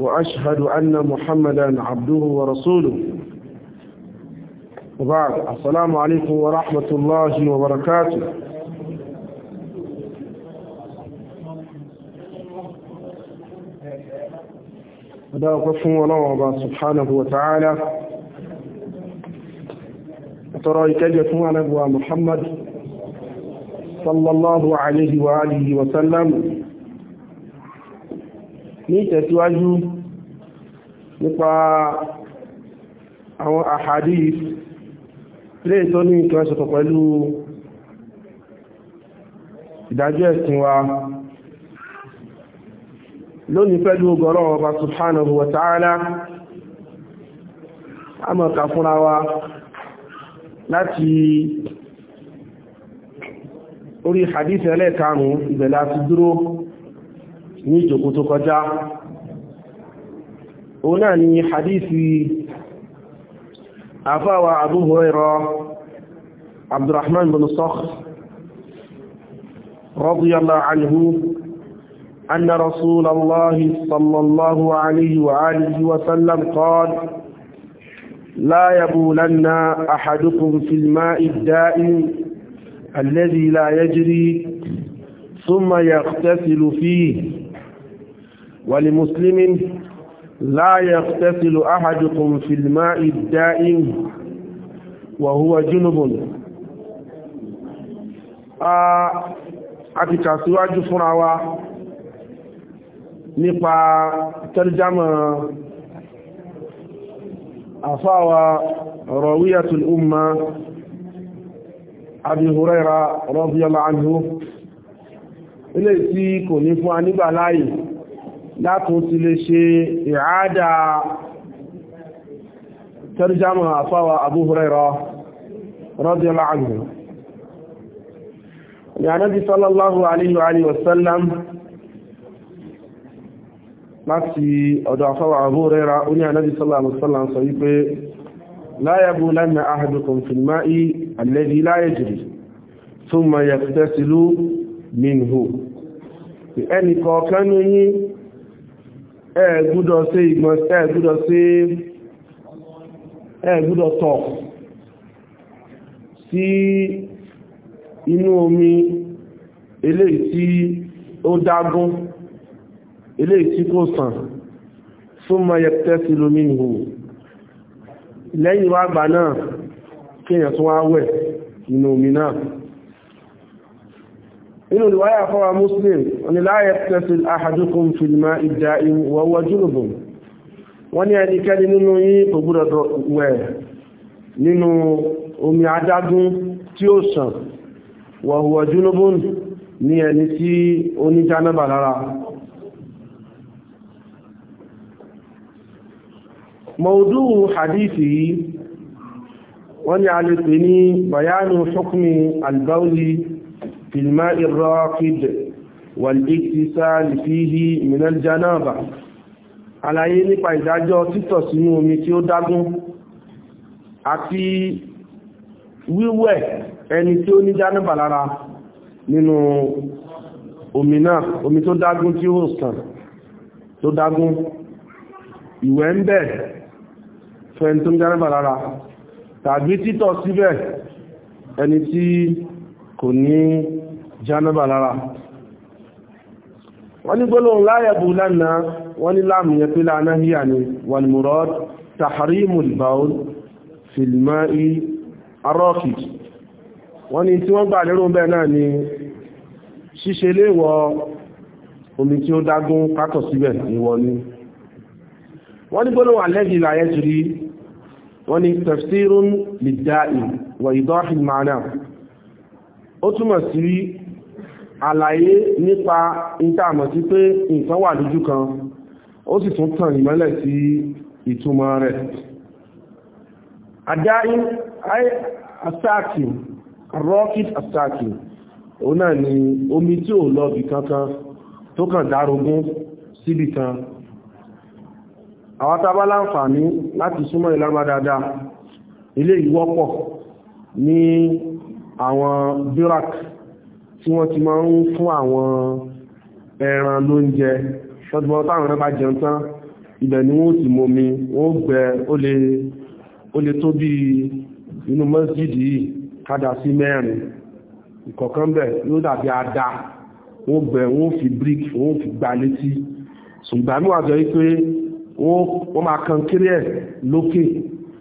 وأشهد أن محمدا عبده ورسوله وبعد السلام عليكم ورحمة الله وبركاته هذا وقفهم الله سبحانه وتعالى ترى يكجفون على محمد صلى الله عليه وآله وسلم ní ìtẹ̀síwájú nípa àwọn àhàdí ilé ìtọ́ ní ìtọ́ ẹ̀sọ̀tọ̀ pẹ̀lú ìdájọ́ ẹ̀sìn wa lónìí pẹ̀lú ọgọ́rọ̀ ọba subhanahu wa ta'ala a mọ̀ fúnra wa láti orí hadith ẹlẹ́karùn-ún ìbẹ̀lẹ̀ àti dúró ní ìjòkó tó kọjá òun náà ni hadithi àfáwà Abu Hurairah Abdurrahman bin Sakh radiyallahu anhu أن رسول الله صلى الله عليه وآله وسلم قال لا يبولن أحدكم في الماء الدائم الذي لا يجري ثم يغتسل فيه ولمسلم لا يغتسل أحدكم في الماء الدائم وهو جنب àti kàsíwájú fúnra wa nípa tẹ́rìjámọ̀ àfáwà rawiyatul umma Abi Huraira radiyallahu anhu ilé tí kò ní fún a nígbà láyìí látún ti lè ṣe ìhádà tarjama àfáwà Abu Hurairah radiyallahu anhu ya nabi sallallahu alayhi wa sallam láti ọ̀dọ̀ àfáwà Abu Hurairah ó ní ànábì sallallahu alayhi wa sallam sọ wípé la yabulanna ahadukum fil ma'i alladhi la yajri thumma yaghtasilu minhu ẹnì kọ̀ọ̀kan ní ẹ gbọ́dọ̀ ṣe ìgbọ̀nsẹ̀ ẹ gbọ́dọ̀ ṣe ẹ gbọ́dọ̀ tọ̀ sí inú omi eléyìí tí ó dágún eléyìí tí kò sàn fún mọ yẹpẹtẹ sí lómi nìhù lẹ́yìn wá gbà náà kéèyàn tún wá wẹ̀ inú omi náà inú ìwáyà fọwà muslim ní láyé tẹ́sí ahadukum fìlmà ìjà ìwọ̀wọ̀ jùlùbùn wọ́n ní ẹnikẹ́ni nínú yí ògbúdọ̀ wẹ̀ nínú omi adágún tí ó sàn wọ̀wọ̀ jùlùbùn ní ẹni tí ó ní jánábà lára mọ̀ọ̀dú hadithi yìí wọ́n ní a lè pè ní bayanu hukmi albauli في الماء الراقد والاكتسال فيه من الجنابة àlàyé nípa ìdájọ́ títọ̀ sínú omi tí ó dágún àti wíwẹ̀ ẹni tí ó ní jánàbà lára nínú omi náà omi tó dágún tí ó sàn tó dágún ìwẹ̀ ń bẹ̀ fún ẹni tó ní jánàbà lára tàbí títọ̀ síbẹ̀ ẹni tí kò ní jánábà lára wọ́n ní gbólóhùn láyẹ̀bù lánàá wọ́n ní láàmù yẹ pé lánàá híyà ni wal murad tahrimul baul fil ma'i arraqid wọ́n ní tí wọ́n gbà lérò bẹ́ẹ̀ náà ni ṣíṣe léwọ omi tí ó dágún kátọ̀ síbẹ̀ ni wọ́n ní àlàyé nípa ìtààmọ̀ sí pé nǹkan wà lójú kan ó sì tún tàn ìmọ́lẹ̀ sí ìtumọ̀ rẹ̀ àdáyí àsáàkì rocket àsáàkì ó náà ni omi tí ò lọ bì kankan tó kàn dárógún síbì kan àwọn tàbá láǹfààní láti súnmọ́ ìlàmà dáadáa ilé ìwọ́pọ̀ ní àwọn birak tí wọ́n ti máa ń fún àwọn ẹran lóúnjẹ ṣọ́dúnmọ́ táwọn ẹran bá jẹun tán ibẹ̀ ni wọ́n ti mọ mi wọ́n gbẹ ó lè tó bí inú mọ́sídì yìí kádà sí mẹ́rin ìkọ̀kan bẹ̀ ló dàbí ada wọ́n gbẹ wọ́n fi brick wọ́n fi gbà létí ṣùgbà mí wàjọ yí pé wọ́n máa kan kéré ẹ̀ lókè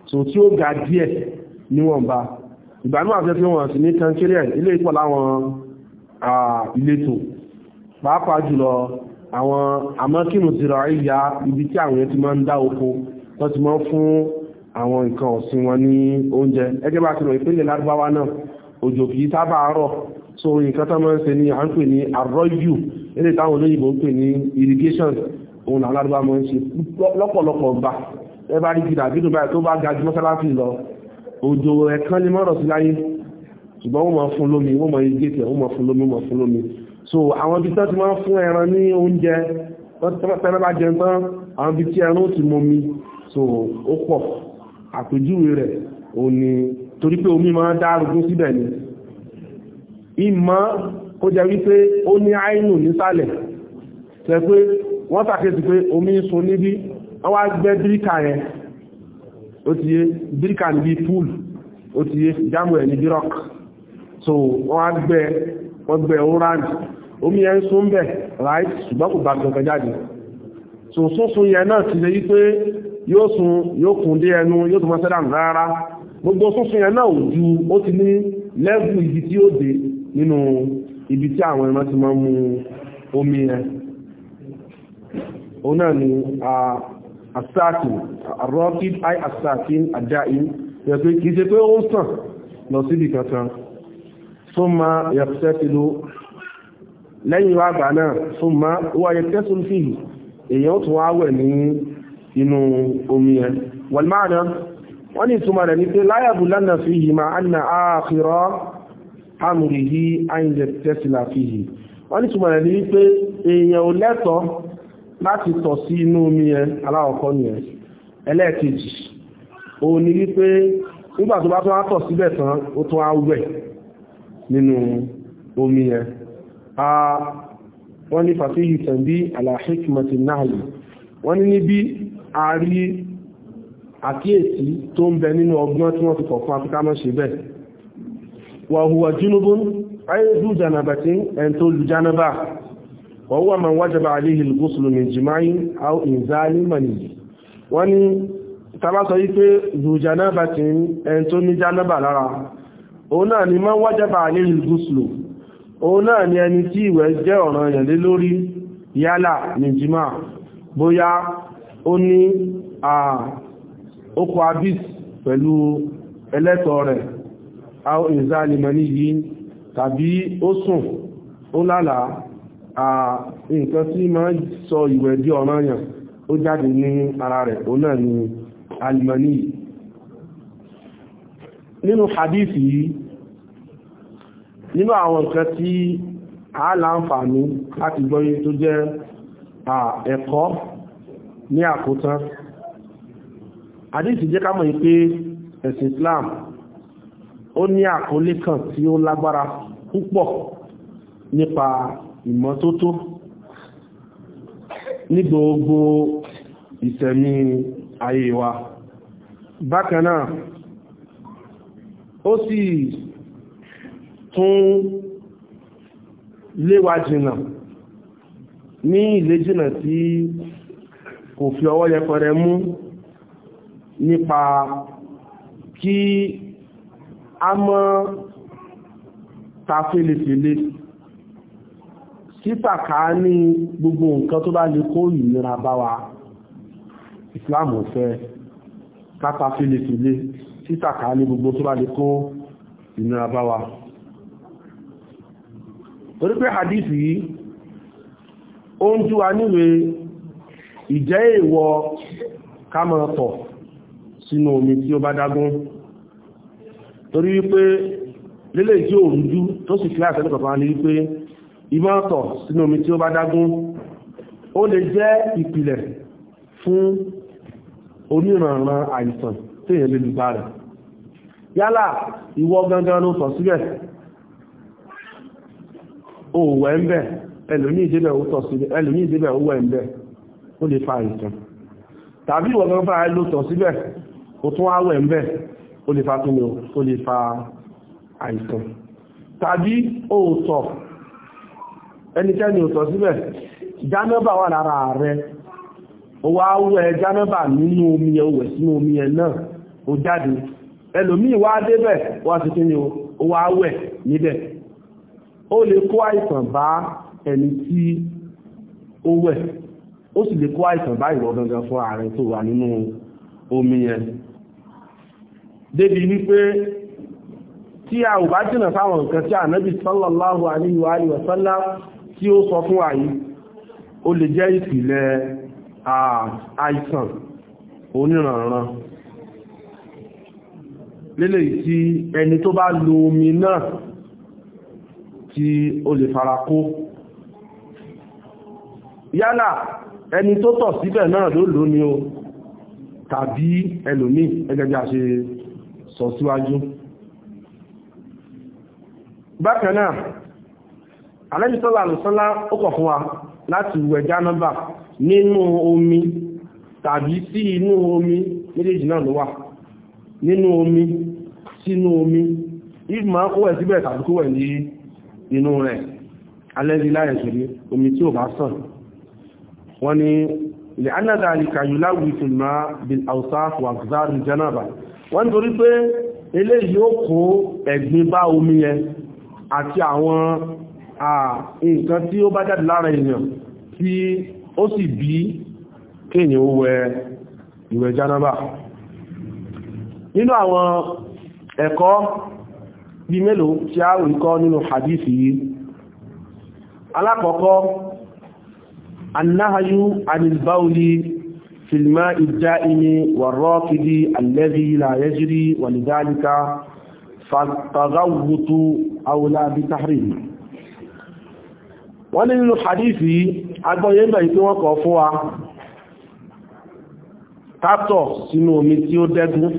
tó tí ó ga díẹ̀ níwọ̀nba ìgbà mí wàjọ tí wọ́n sì ní kan kéré ẹ̀ ilé ìpọ̀ láwọn ìletò pàápàá jùlọ àwọn amákìmù zira ìyá ibi tí àwọn ti máa ń dá oko tó ti máa ń fún àwọn nǹkan ọ̀sìn wọn ní oúnjẹ ẹgbẹ́ bá ti rọ̀ ìpínlẹ̀ lárúbáwá náà òjò kìí sábà rọ̀ so nǹkan tó máa ń ṣe ní à ń pè ní àrọ́jù eré táwọn olóyìnbó ń pè ní irrigation òun àwọn alárúbá máa ń ṣe lọ́pọ̀lọpọ̀ gbà ẹ bá rí gidà bí tó bá ga ju mọ́sálásí lọ òjò ẹ̀kan lè mọ́rọ̀ sí láyé ṣùgbọ́n wọ́n máa fún lómi wọ́n máa igé tẹ̀ wọ́n máa fún lómi wọ́n máa fún lómi so àwọn ibi tó ti máa fún ẹran ní oúnjẹ tẹ́lẹ̀ bá jẹun tán àwọn ibi tí ẹran ó ti mọ omi so ó pọ̀ àpèjúwe rẹ̀ ò ní torí pé omi máa dá arúgbó síbẹ̀ ni ìmọ̀ kó jẹ́ wípé ó ní àìnù nísàlẹ̀ tẹ́ pé wọ́n sàkéjì pé omi ń sun níbi wọ́n wá gbẹ́ bíríkà yẹn ó ti yé bíríkà níbi púùlù ó ti yé jámù ẹ̀ ní bírọ́kì so wọ́n á gbẹ wọ́n orange omi ẹ̀ ń sún bẹ̀ right ṣùgbọ́n kò bá gbọ̀ngàn jáde so sunsun yẹn náà ti lè yí pé yóò sun yóò kùn dé ẹnu yóò tún mọ́ sẹ́dàmù rárá gbogbo sunsun yẹn náà ò ju ó ti ní lẹ́gùn ibi tí ó dé nínú ibi tí àwọn ẹran ti máa ń mu omi yẹn òun náà ni asakin arọ́kí i asakin adáyí yẹ pé kìí ṣe pé ó ń sàn lọ síbi kankan súnmọ́ yẹ̀fẹ́sílú lẹ́yìn wá gbà náà súnmọ́ wà yẹ̀fẹ́sílú fìhì èyàn tún wá wẹ̀ ní inú omi ẹ̀ wàlmáàdá wọ́n ní ìtumọ̀ rẹ̀ ní pé láyàbù lánà fìhì ma anna ààfìrọ́ amùrìhí àìyẹ̀fẹ́sílá fìhì wọ́n ní ìtumọ̀ rẹ̀ ní pé èyàn ò lẹ́tọ̀ láti tọ̀ sí inú omi ẹ̀ aláwọ̀kọ́ ni ẹ̀ nínú omi yẹn a wọ́n ní fàfíhì tẹ̀bí aláhíkìmọ̀tì náà wọ́n ní níbi a rí àkíyèsí tó ń bẹ nínú ọgbọ́n tí wọ́n ti kọ̀ fún afirika mọ́ ṣe bẹ́ẹ̀ wàhùwà jínúbún ayédú jànàbàtí ẹn tó lù jánàbà wàhùwà ma wájaba aléhì lùgbósùlù jìmáyí au ìzáàlì mani wọ́n ní tabasọ yí pé lù jánàbàtí ẹn tó ní jánàbà lára òun náà ni man wajaba alayhi al òun náà ni ẹni tí ìwẹ̀ jẹ́ ọ̀ranyàn lé lórí yálà ní jimá bóyá ó ní okò abis pẹ̀lú ẹlẹ́tọ̀ rẹ̀ àwọn ìzálimẹ̀ní yìí tàbí ó sùn ó lálà nǹkan tí ma sọ ìwẹ̀ di ọ̀ranyàn ó jáde ní ara rẹ̀ òun náà ni alimẹ̀ní nínú hadith yìí nínú àwọn nǹkan tí a láǹfààní láti gbọ́yé tó jẹ́ ẹ̀kọ́ ní àkótán àdíṣì jẹ́ ká yí pé ẹ̀sìn Islam ó ní àkọlé kan tí ó lágbára púpọ̀ nípa ìmọ́tótó ní gbogbo ìṣẹ̀mí ayé wa bákan ó sì tún léwa jìnà ní ilé jìnà tí kò fi ọwọ́ yẹpẹrẹ mú nípa kí a mọ́ ta fèlèfèlè títàkà ní gbogbo nǹkan tó bá lè kó ìnira bá wa ìsìláàmù fẹ́ kápa fèlèfèlè títàkà ní gbogbo tó bá lè kó ìnira bá wa torí pé hadith yìí ó ń tú wa níwe ìjẹ́ èèwọ̀ kámọ̀tọ̀ sínú omi tí ó bá dágún torí wípé lélè tí ó rújú tó sì kílá àṣẹ́ lẹ́kọ̀ọ́ ní wípé ìmọ̀tọ̀ sínú omi tí ó bá dágún ó lè jẹ́ ìpìlẹ̀ fún oníranran àìsàn tí èèyàn lè lùgbà rẹ̀ yálà ìwọ gangan ló sọ síbẹ̀ òwẹ̀ ń bẹ̀ ìdíbẹ̀ ó síbẹ̀ ẹlòmí ìdíbẹ̀ ó lè fa ìtàn tàbí ìwọ̀n kan fara ló síbẹ̀ ó tún wá wẹ̀ ń ó lè fa kíni ó lè fa àìsàn tàbí òótọ́ ẹnikẹ́ni síbẹ̀ wà lára omi ẹ̀ wẹ̀ sínú omi ẹ̀ náà ó jáde ó lè kó àìsàn bá ẹni tí ó wẹ̀ ó sì lè kó àìsàn bá ìwọ gangan fún ààrẹ tó wà nínú omi yẹn débi wípé tí a ò bá jìnà sáwọn nǹkan tí ànábì sallallahu alaihi wa alihi wa sallam tí ó sọ fún àyí ó lè jẹ́ ìpìlẹ̀ àìsàn oníranran lélẹ̀ tí ẹni tó bá lo omi náà tí ó lè fara kó yálà ẹni tó tọ̀ síbẹ̀ náà ló lò ní o tàbí ẹlòmí ẹgẹ́gẹ́ a ṣe sọ síwájú bákan náà alẹ́bìsọ́lá àlùsọ́lá ó kọ̀ fún wa láti wẹ̀ jánàbà nínú omi tàbí sí inú omi méjèèjì náà ló wà nínú omi sínú omi ìgbìmọ̀ kó wẹ̀ síbẹ̀ tàbí kó wẹ̀ ní inú rẹ̀ alẹ́rí láyẹ̀ omi tí ò bá sàn wọ́n ni ilẹ̀ anádàlìkà yìí láwù ìfìlmá bil ausaf wa zari janaba wọ́n torí pé eléyìí ó kó ẹ̀gbin bá omi yẹn àti àwọn nǹkan tí ó bá jáde lára èèyàn tí ó sì bí kéèyàn ó wẹ ìwẹ̀ janaba nínú àwọn ẹ̀kọ́ bí mélòó tí a rí kọ́ nínú hadithi yìí alákọ̀ọ́kọ́ annáhayú anìlbáulí filmá ìjá imi wà rọ́kìdí alẹ́bí láyẹ́jírí wà nìdáníká fàtàzáwùtú aula bí tàrí wọ́n nínú hadithi agbọ́yẹ́ ìgbà ìpín wọ́n kọ̀ fún wa tátọ̀ sínú omi tí ó dẹ́gún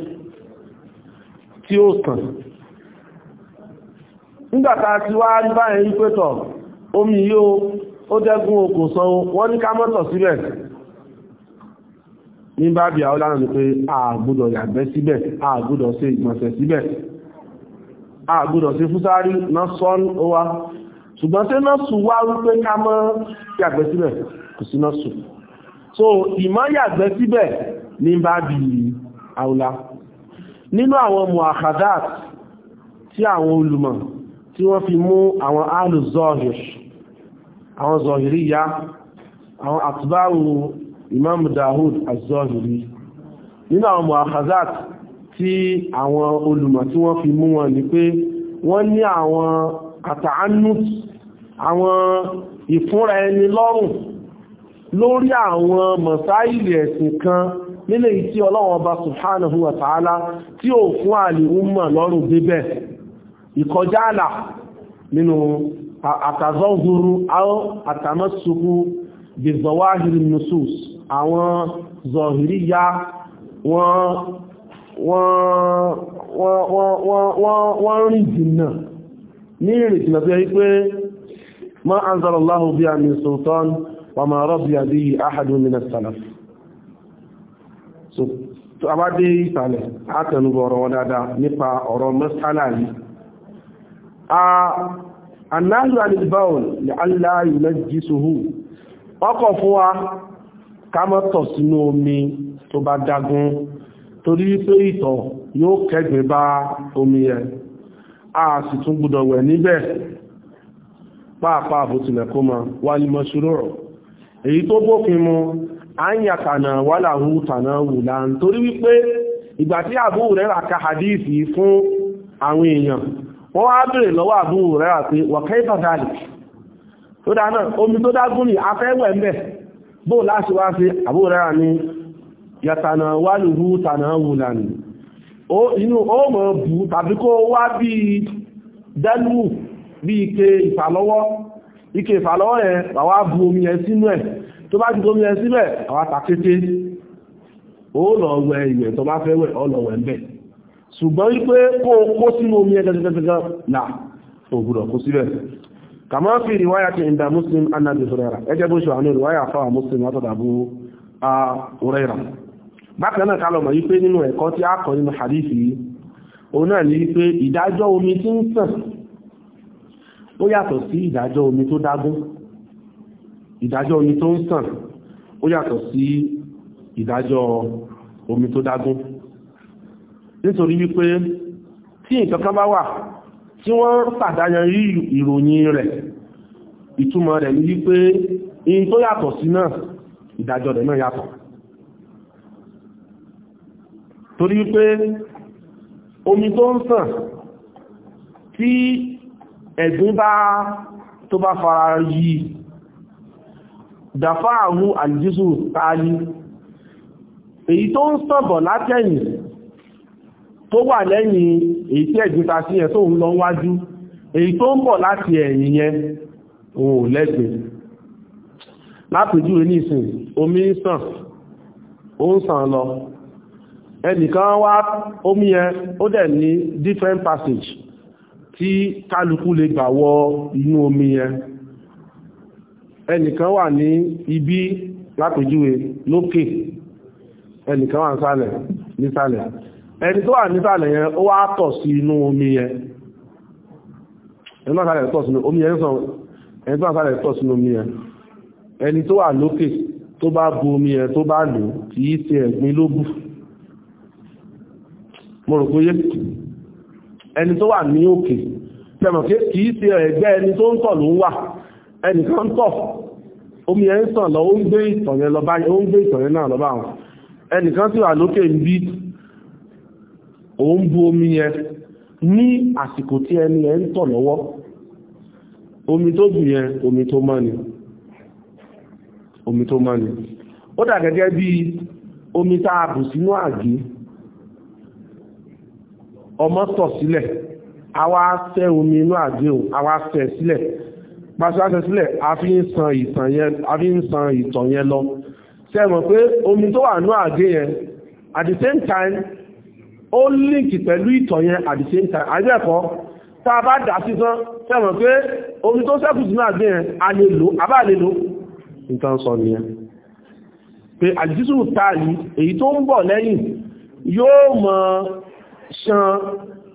tí ó sàn nígbàtà tí wá ní báyìí pé tọ̀ omi yóò ó dẹ́gun okùn san wọ́n ní ká mọ́tọ̀ síbẹ̀ ní bá bí àwọn lánàá ni pé àgbúdọ̀ yàgbẹ́ síbẹ̀ àgbúdọ̀ ṣe ìgbọ̀nsẹ̀ síbẹ̀ àgbúdọ̀ ṣe fúsárí náà sọ́n ó wá ṣùgbọ́n tí náà sù wá wípé ká mọ́ yàgbẹ́ síbẹ̀ kò so ìmọ̀ yàgbẹ́ síbẹ̀ ní bá bí àwòlá nínú àwọn muakhadat tí àwọn olùmọ̀ tí wọ́n fi mú àwọn áàlù zọ́ọ̀hìr àwọn zọ̀hìrí ya àwọn àtúbáwò imam dahud azọ́hìrí nínú àwọn mu'akhazat tí àwọn olùmọ̀ tí wọ́n fi mú wọn ní pé wọ́n ní àwọn àtàánút àwọn ìfúnra ẹni lọ́rùn lórí àwọn mọ̀sáìlì ẹ̀sìn kan nílé tí Ọlọ́hun Ọba subhanahu wa ta'ala tí ò fún àlè ń mọ̀ lọ́rùn bíbẹ̀ ìkọjá àlà nínú àtàzọ́gúrú àwọn àtàmọ́sùkú bí zọwáhìrì nusus àwọn zọ̀hìrí ya wọ́n rìn jìnnà ní ìrìn jìnnà tó yẹ pé ma anzalallahu biha min sultan wa ma radiya bihi ahadun min as-salaf so tó a bá dé ìsàlẹ̀ àtẹnubọ̀ ọ̀rọ̀ wọn dáadáa nípa ọ̀rọ̀ mẹ́sàlá yìí anáhù alìbáwòn ní aláàrí lẹ́jì sóhù wa sínú omi tó bá torí pé ìtọ̀ yóò kẹ́gbẹ̀ bá omi ẹ̀ a sì tún gbọ́dọ̀ wẹ̀ níbẹ̀ Paapaa bó tilẹ̀ kó ma wà ní mọ́ṣúrọ̀ èyí tó bófin torí wípé ìgbà tí fún àwọn èèyàn wọ́n wá bèèrè lọ́wọ́ àbúrò rẹ̀ àti wọ̀kẹ́ ìfàdàlì tó dá náà omi tó dágún ní afẹ́wẹ̀ ń bẹ̀ bó láti wá sí àbúrò rẹ̀ ní yàtànà wà lùrú tànà wùlànì inú ó mọ̀ bù tàbí kó wá bí dẹ́lù bí ike ìfàlọ́wọ́ ike ìfàlọ́wọ́ yẹn bàwá bu omi yẹn sínú ẹ̀ tó bá ti bu omi yẹn síbẹ̀ àwa tàkété ó lọ wẹ ìwẹ̀ tó bá fẹ́ ọ lọ wẹ̀ ń ṣùgbọ́n wípé kó kó sínú omi ẹgbẹ̀gbẹ̀gbẹ̀ náà ògùrọ̀ kó sílẹ̀ kàmá fi ìwáyà ti ìdá muslim annabi hurera ẹjẹ́ bó ṣe wà ní ìwáyà fáwà muslim látọ̀dàbú hurera bákan náà kálọ̀mọ̀ wípé nínú ẹ̀kọ́ tí a kọ́ nínú hadithi òun náà ní wípé ìdájọ́ omi tí ń sàn ó yàtọ̀ sí ìdájọ́ omi tó dágún ìdájọ́ omi tó ń sàn ó yàtọ̀ sí ìdájọ́ omi tó dágún nítorí wípé tí nǹkan kan bá wà tí wọ́n pàdáyan rí ìròyìn rẹ̀ ìtumọ̀ rẹ̀ ní wípé in tó yàtọ̀ sí náà ìdájọ́ rẹ̀ náà yàtọ̀ torí wípé omi tó ń sàn tí ẹ̀gbín bá tó bá fara yìí dàfáàrún àjíṣù tààlì èyí tó ń sọ̀bọ̀ látẹ̀yìn tó wà lẹ́yìn èyí tí ẹ̀gbẹ́ta sí yẹn tó ń lọ wájú èyí tó ń bọ̀ láti ẹ̀yìn yẹn òun ò lẹ́gbẹ̀ẹ́ lápèjúwe nísìn omi ń sàn ó ń sàn lọ ẹnìkan wá omi yẹn ó dẹ̀ ní different passage tí kálukú lè gbà wọ inú omi yẹn ẹnìkan wà ní ibi lápèjúwe lókè ẹnìkan wà nísàlẹ̀ nísàlẹ̀ ẹni tó wà nísàlẹ̀ yẹn ó wá tọ̀ sí inú omi yẹn ẹni tó wà nísàlẹ̀ tọ̀ sínú omi yẹn sàn ẹni tó wà nísàlẹ̀ tọ̀ sínú omi yẹn ẹni tó wà lókè tó bá bu omi yẹn tó bá lò kì í ṣe ẹ̀gbin ló bù mo rò pé yé ẹni tó wà ní òkè tẹmọ̀ kì í ṣe ẹ̀gbẹ́ ẹni tó ń tọ̀ ló ń wà ẹni kan tọ̀ omi yẹn sàn lọ ó ń gbé ìtọ̀ náà lọ bá wọn ẹnìkan sì wà lókè ń bí òun bu omi yẹn ní àsìkò tí ẹni ẹ ń tọ̀ lọ́wọ́ omi tó bù yẹn omi tó mọ́ ni omi tó mọ́ ni ó dà gẹ́gẹ́ bí omi tá a bù sínú àgé ọmọ tọ̀ sílẹ̀ àwa sẹ́ omi inú àgé o awa sẹ́ sílẹ̀ pàṣẹ sílẹ̀ a fi ń san ìtàn yẹn san ìtàn yẹn lọ ṣé mọ̀ pé omi tó wà nú àgé yẹn at the same time ó líǹkì pẹ̀lú ìtọ̀ yẹn at the same time àjẹ́kọ́ tá a bá dà sí tán fẹ́mọ̀ pé omi tó sẹ́kù sí náà gbé yẹn a lè lò àbá lè lò nǹkan sọ nìyẹn pé àjísù tààlì èyí tó ń bọ̀ lẹ́yìn yóò mọ̀ ṣan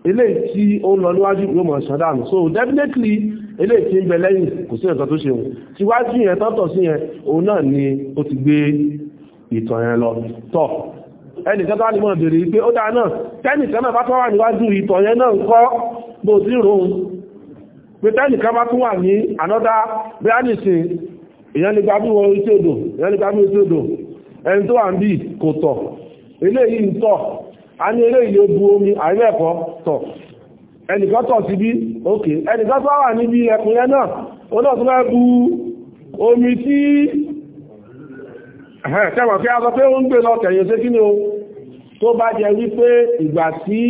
eléyìí tí ó lọ níwájú yóò mọ̀ ṣan dànù so definitely eléyìí tí ń bẹ lẹ́yìn kò sí nǹkan tó ṣe wọn tíwájú yẹn tọ́tọ̀ sí yẹn òun náà ni ó ti gbé ìtọ̀ yẹn lọ tọ̀ ẹnìkan tó lè bèèrè pé ó dáa náà tẹ́nìkan náà bá tó wà níwájú ìtọ̀ yẹn náà ń kọ́ bó sí ròun pé tẹ́nìkan bá tún wà ní ànọ́dá bíánìsì èyàn lè gbábí wọn orí tèdò èyàn lè gbábí orí tèdò ẹni tó wà ń bí kò tọ̀ eléyìí ń tọ̀ a ní eré ilé bu omi àìrẹ́ẹ̀kọ́ tọ̀ ẹnìkan tọ̀ sí bí òkè ẹnìkan tó wà níbi ẹkùn yẹn náà ó náà tó fẹ́ bu omi tí ẹ̀hẹ́ tẹ́wọ̀n kí a sọ pé ó ń gbé lọ tẹ̀yìn sí kí ni o tó bá jẹ wípé ìgbà tí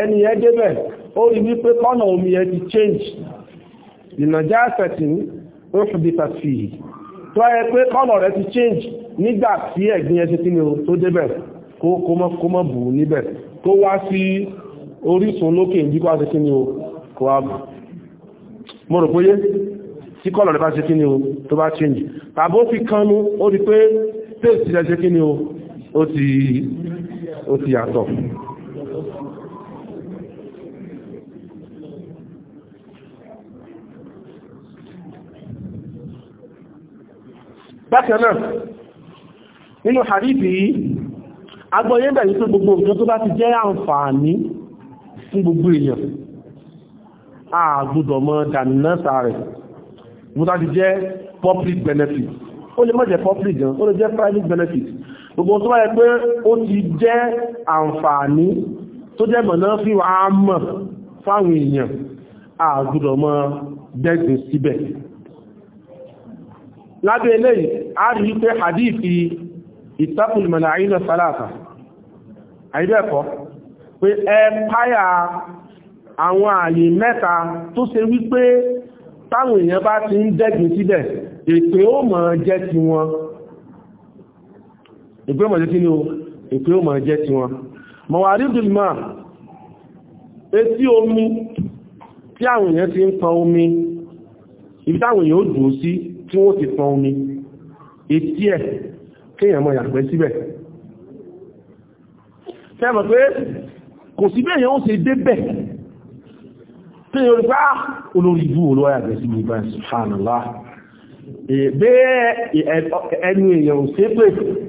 ẹni yẹn débẹ̀ ó rí wípé kọ́nà omi yẹn ti change ìnàjá àfẹ̀tìn ó fi di pàtì tó yẹ pé kọ́nà rẹ̀ ti change nígbà tí ẹ̀gbin yẹn ti kí ni o tó débẹ̀ kó mọ́ bù níbẹ̀ kó wá sí orísun lókè ní kó wá sí kí ni o kó wá bù mo rò péye tí kọ́lọ̀ rẹ̀ bá ṣe kí ni o tó bá change tàbí ó fi kánú ó rí pé tèèsì rẹ̀ ṣe kí ni o ó ti ó ti yàtọ̀ bákan náà nínú hadithi yìí agbọ́yé bẹ̀rẹ̀ tó gbogbo nǹkan tó bá ti jẹ́ àǹfààní fún gbogbo èèyàn àgbùdọ̀ mọ́ dànínásà rẹ̀ mú tá ti jẹ́ public benefit ó lè má jẹ́ public gan ó lè jẹ́ private benefit gbogbo tó báyẹ pé ó ti jẹ́ àǹfààní tó jẹ́ mọ̀ná fi wà á mọ̀ fáwọn èèyàn àgbùdọ̀ dẹ́gbẹ̀ síbẹ̀ lábẹ́ eléyìí a rí pé hadithi ìtàkùnmọ̀nà àìyàn sálàtà àìbẹ́ẹ̀kọ́ pé ẹ páyà àwọn ààyè mẹ́ta tó ṣe wípé táwọn èèyàn bá ti ń dẹ́gbẹ̀ síbẹ̀ ètò ó mọ̀ jẹ́ ti wọn ìpé ọmọ jẹ́ kí ni o ìpé ọmọ jẹ́ ti wọn mawaridul ma etí omi tí àwọn èèyàn ti ń pọn omi ibi táwọn èèyàn ó dùn sí tí wọ́n ti pọn omi etí ẹ̀ kéèyàn mọ̀ yàgbẹ́ síbẹ̀ fẹ́mọ̀ pé kò sí bẹ́ẹ̀ yẹn ó ṣe débẹ̀ tí yóò rí ah, olórí ibú olówó yàgbẹ́ sí ibá subhanallah bẹ́ẹ̀ ẹnu èèyàn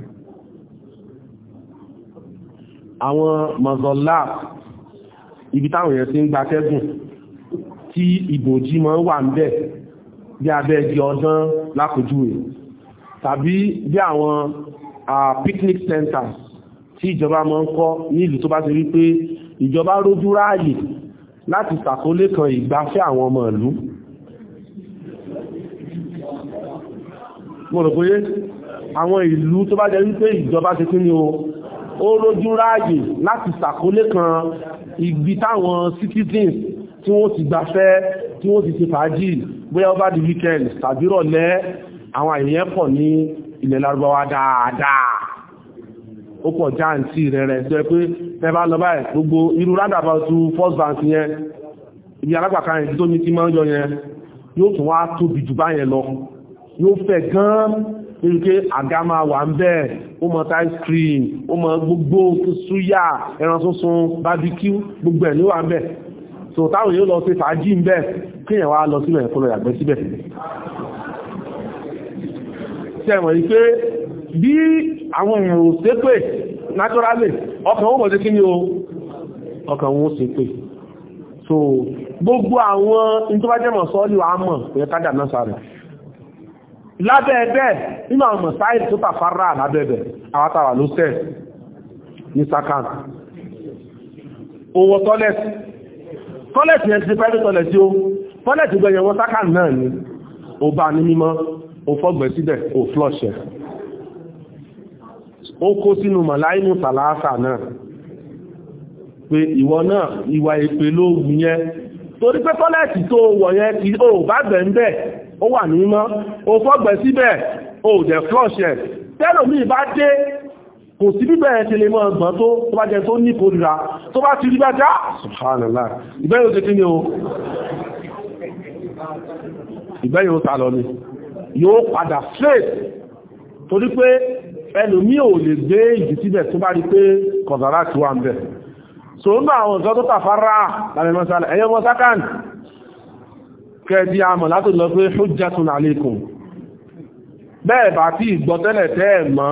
àwọn mọ̀zọ̀lá ibi táwọn èèyàn ti ń gbatẹ́gùn tí ìbòjí mọ́ wà ń bẹ̀ bí abẹ́ di ọdán lápòjúwe tàbí bí àwọn picnic center tí ìjọba mọ́ ń kọ́ ní ìlú tó bá ti rí pé ìjọba rójú ráàyè láti ṣàkólé kan ìgbafẹ́ àwọn ọmọ ìlú mo rò pé àwọn ìlú tó bá jẹ́ wípé ìjọba ti kí ni o ó rojú ráàyè láti sàkólé kan ibi táwọn citizens tí wọ́n ti gbafẹ́ tí wọ́n ti ṣe fàájì bóyá over the weekend tàbí rọ̀lẹ́ àwọn èèyàn pọ̀ ní ilẹ̀ Lárúbáwá dáadáa ó pọ̀ jáǹtì rẹ̀ rẹ̀ tó ẹ pé tẹ́bá lọ báyìí gbogbo irú rádàbà tu first bank yẹn ibi alágbàká yẹn tó ní ti máa ń yọ yẹn yóò tún wá tóbi jù báyẹn lọ yóò fẹ̀ gan-an níbi pé àga máa wà ń bẹ́ẹ̀ ó mọ ice cream ó mọ gbogbo súyà ẹran súnsun barbecue gbogbo ẹ̀ ló wà ń bẹ́ẹ̀ so táwọn yóò lọ sí fàájì ń bẹ́ẹ̀ kéèyàn wá lọ síbẹ̀ kó lọ yàgbẹ́ síbẹ̀ sẹ́wọ̀n yìí pé bí àwọn èèyàn ò ṣépè naturally ọkàn ó mọ̀dé kí ni o ọkàn ó ṣépè so gbogbo àwọn ìtọ́bájẹ́mọ̀ sọ́ọ́lù àmọ̀ pẹ̀lú kádà náà sáré lábẹ́ẹ̀bẹ́ nínú àwọn mọ̀sáìlì tó tàfàrà lábẹ́ẹ̀bẹ̀ àwátàwà ló sẹ́ ní sakan owó tọ́lẹ̀tì tọ́lẹ̀tì yẹn ti private tọ́lẹ̀tì ó tọ́lẹ̀tì gbẹ̀yẹ̀ wọ́n sakan náà ni ó bá ní mímọ́ ó fọ́gbẹ̀ síbẹ̀ ó flush ẹ̀ ó kó sínú mọ̀láìmù sàlásà náà pé ìwọ náà ìwà ìpè lóògùn yẹn torí pé tọ́lẹ̀tì tó wọ̀ yẹn kí ó bá bẹ̀ ń bẹ̀ ó wà ní mímọ́ o fọ́gbẹ̀ síbẹ̀ o dẹ̀ flọ́ṣẹ̀ tẹ́lòmí bá dé kò sí bíbẹ̀ ẹ̀ tẹ́lẹ̀ mọ́ ọgbọ̀n tó tó bá jẹ tó ní kòrìra tó bá ti rí bá dá subhanallah ìbẹ́yìn ó ti kí ni o ìbẹ́yìn ó ta lọ ni yóò padà straight torí pé ẹlòmí ò lè gbé ìjì síbẹ̀ tó bá rí pé kọ̀zàrá ti wà ń bẹ̀ so ń bá àwọn ìjọ tó tàfárá lábẹ́ mọ́sálẹ̀ ẹ̀yọ́ mọ́sákàn kẹ́ẹ̀dí àmọ̀ látò lọ pé hujjatun alaykum bẹ́ẹ̀ bá tí ìgbọ́tẹ́lẹ̀ tẹ́ẹ̀ mọ́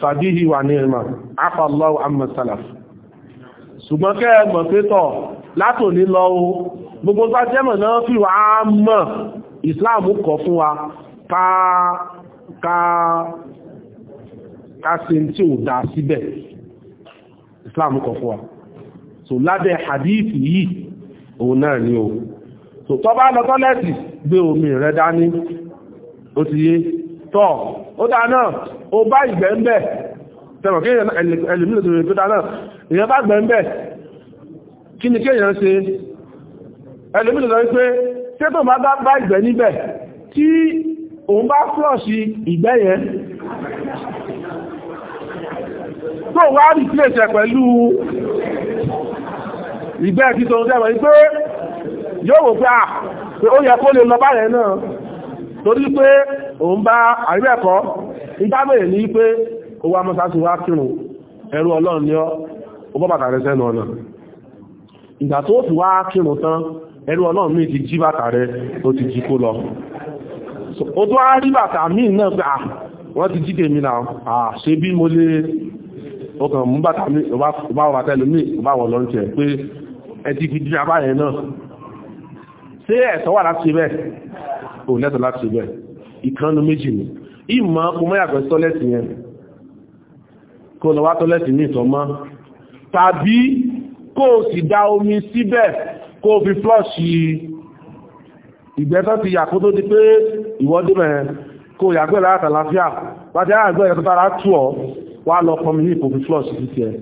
fàdíhì wà ní ìrìnmọ̀ afallahu amma salaf ṣùgbọ́n kẹ́ẹ̀ mọ̀ pé tọ̀ látò ní lọ o gbogbo bá jẹ́mọ̀ náà fi wà á mọ̀ so lábẹ́ hadith yìí òun náà ni o so tó bá lọ tọ́lẹ̀tì gbé omi rẹ dání ó ti yé tọ́ ó dá náà ó bá ìgbẹ́ ń bẹ̀ tẹ́mọ̀ kí ẹlùmílò tó rẹ̀ tó dá náà èyàn bá gbẹ̀ ń bẹ̀ kí ni kí èyàn ṣe ẹlùmílò lọ wípé tí tó bá bá ìgbẹ́ níbẹ̀ tí òun bá flọ́ọ̀ṣì ìgbẹ́ yẹn tó wá rí pèsè pẹ̀lú ìgbẹ́ títọ́ tẹ́mọ̀ wípé yóò wò pé à ah, pé ó yẹ kó lè lọ báyẹn náà torí pé òun bá àríwẹ̀kọ́ ìdábẹ̀rẹ̀ ní pé ó wá mọ́sáàsì wá kírun ẹrú ọlọ́run ni ó bọ́ bàtà rẹ̀ sẹ́nu ọ̀nà ìgbà tó fi wá kírun tán ẹrú ọlọ́run mi ti jí bàtà rẹ̀ tó ti jí kó lọ ó tó á rí bàtà míì náà pé à ah, wọ́n ti jí tèmi náà à ah, ṣe bí mo lè ọkàn mú bàtà mi ò bá bàtà ẹlòmíì ò bá wọ lọ́ntẹ̀ pé ẹ ti fi jí abáyẹn náà ṣé ẹ̀tọ́ wà láti bẹ́ẹ̀ ò lẹ́tọ̀ láti bẹ́ẹ̀ ìkànnù méjì ni ìmọ̀ kò mọ́ yàgbẹ́ tọ́lẹ́tì yẹn kò lọ wá tọ́lẹ́tì ní ìtọ́mọ́ tàbí kò sì da omi síbẹ̀ kò fi flọ́ọ̀ṣì ìgbẹ́tọ́ ti yà kó tó di pé ìwọ́dé mẹ́rin kò yàgbẹ́ láti àlàáfíà láti àgbẹ́ ẹ̀tọ́ tára tù ọ́ wá lọ pọnmi ní kò fi flọ́ọ̀ṣì sí tiẹ̀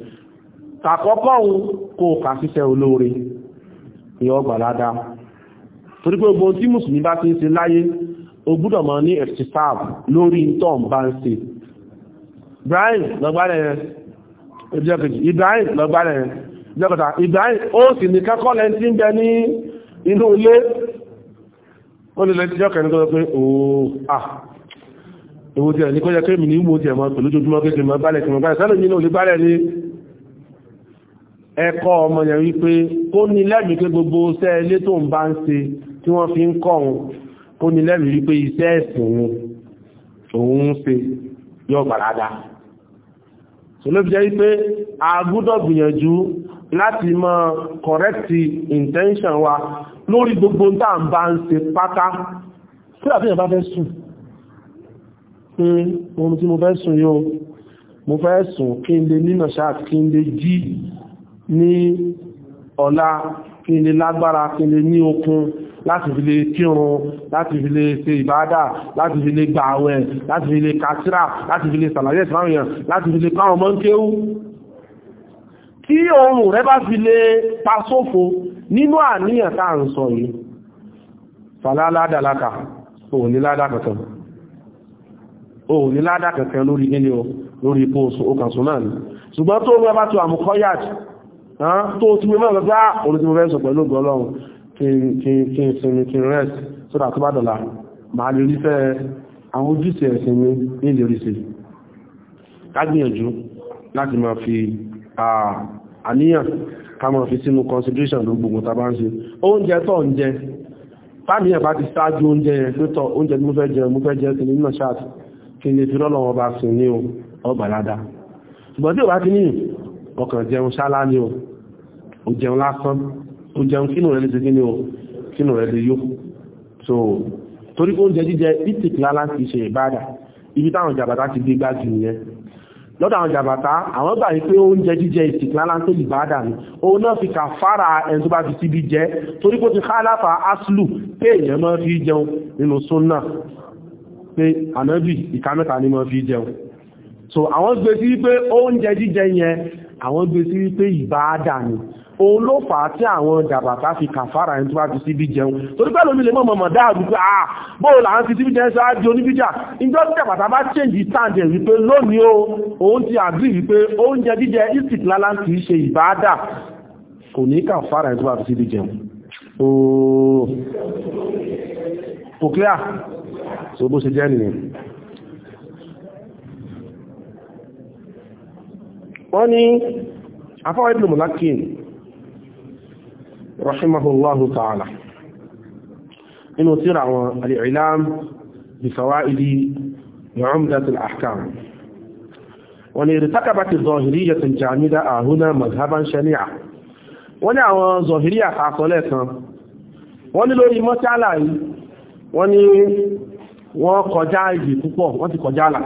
tàkọ́kọ́ òun kò kà síṣẹ́ olóore ìyọ́ gbàládá torí pé gbogbo tí mùsùlùmí bá ti ń ṣe láyé o gbúdọ̀ mọ̀ ní ẹ̀sìsáàb lórí tọ́m bá ń ṣe Ibrahim lọ́gbàrẹ̀ Ibrahim lọ́gbàrẹ̀ jẹ́kọ̀ta Ibrahim ó sì ní kẹ́kọ́ lẹ́n tí ń bẹ ní inú ilé ó ní lẹ́tí jọ́kẹ̀ ní kọ́kọ́ pé ooo ah ewu tí ẹ̀ ní kọ́jẹ́ kéèmì ní ìmú tí ẹ̀mọ́ pẹ̀lú jojúmọ́ kéèkì mọ́ bálẹ̀ tí mọ́ bálẹ̀ sẹ́lẹ̀ nínú olè bálẹ̀ ní ẹ̀kọ́ ọmọ yẹn wípé ó ní lẹ́mìí pé gbogbo sẹ́ẹ̀lé tó ń bá ń ṣe tí wọ́n fi ń kọ́ òun kó ní lẹ́rìí wípé iṣẹ́ ẹ̀sìn ni òun ń ṣe yọ gbàrádà olóbi wípé a gbọ́dọ̀ gbìyànjú láti mọ correct intention wa lórí gbogbo ń tàà ń bá ń ṣe pátá tí àfihàn bá fẹ́ sùn pé ohun tí mo fẹ́ sùn yóò mo fẹ́ sùn kí n lè nínà ṣáà kí n lè jí ní ọ̀la kí n lè lágbára kí n lè ní okun láti fi lè kírun láti fi lè ṣe ìbádà láti fi lè gba àwẹ̀ láti fi lè kásírà láti fi lè sàlàyé ìsìláwòyàn láti fi lè káwọn ọmọ ń kéwú tí oòrùn rẹ bá fi lè pa sófo nínú àníyàn tá à ń sọ yìí fàláládàlákà òun ní ládà kankan òun ní ládà kankan lórí gíní o lórí ipò okànsùn náà ni ṣùgbọ́n tó rẹ bá tó àmúkọ́yàt tó ti wé mọ́ kí n sinmi kí n rest so that tó bá dọ̀la máa lè rífẹ́ àwọn ojúṣe ẹ̀sìn mi ní ìlérí sí kágbìyànjú láti máa fi àníyàn ká máa fi sínú consideration ló gbogbo tàbá ń ṣe oúnjẹ tó ń jẹ táníyàn bá ti ṣáájú oúnjẹ yẹn pẹ́tọ̀ oúnjẹ tí mo fẹ́ jẹ mo fẹ́ jẹ sí nínú ṣáàtì kí lè fi lọ́lọ́wọ́ bá sin ní ọgbàládá ṣùgbọ́n tí ò bá ti ní ọkàn jẹun ṣálá ní o jẹun lásán tó kínú rẹ̀ lè ṣe kínú rẹ̀ lè yó so torí oúnjẹ jíjẹ ìtìkìlára ti ṣe ìbádà ibi táwọn jàbàtà ti gbé gbájú nìyẹn lọ́dọ̀ àwọn jàbàtà àwọn gbà yí pé oúnjẹ jíjẹ ìtìkìlára tó lè bádà ni òun náà fi kà fara ẹni tó bá fi síbi jẹ aslu pé èèyàn máa fi jẹun nínú súnà pé ànábì ìka mẹ́ta ni máa fi jẹun so àwọn gbé sí pé oúnjẹ jíjẹ yẹn àwọn gbé sí pé òun ló fà á tí àwọn jàbàtà fi kàfàrà ẹni tó bá ti síbí jẹun torí pẹ́lú omi lè mọ́ mọ̀mọ̀ dáàbù pé àà ah, bóò là ń fi síbí jẹun ṣáájú oníbíjà ìjọ tí jàbàtà bá chẹ́ǹjì tàǹdẹ̀ wípé lónìí o òun ti àgbì wípé oúnjẹ jíjẹ istik lálá kì í ṣe ìbáadà kò ní kàfàrà ẹni tó bá ti síbí jẹun kò clear so bó ṣe jẹ́ nìyẹn wọ́n ní afọ́wọ́ ìdùnnú lákìí rahimahullahu ta'ala inú tírà àwọn al-i'lam bi fawaidi umdat al-ahkam wọ́n ni irtakabat az-zahiriyyah al-jamida'a huna madhhaban shani'a wọ́n ní àwọn zahiriyyah àkọlẹ̀ kan wọ́n ní lórí mọ́sálà yìí wọ́n ní kọjá ìdí púpọ̀ wọ́n ti kọjá là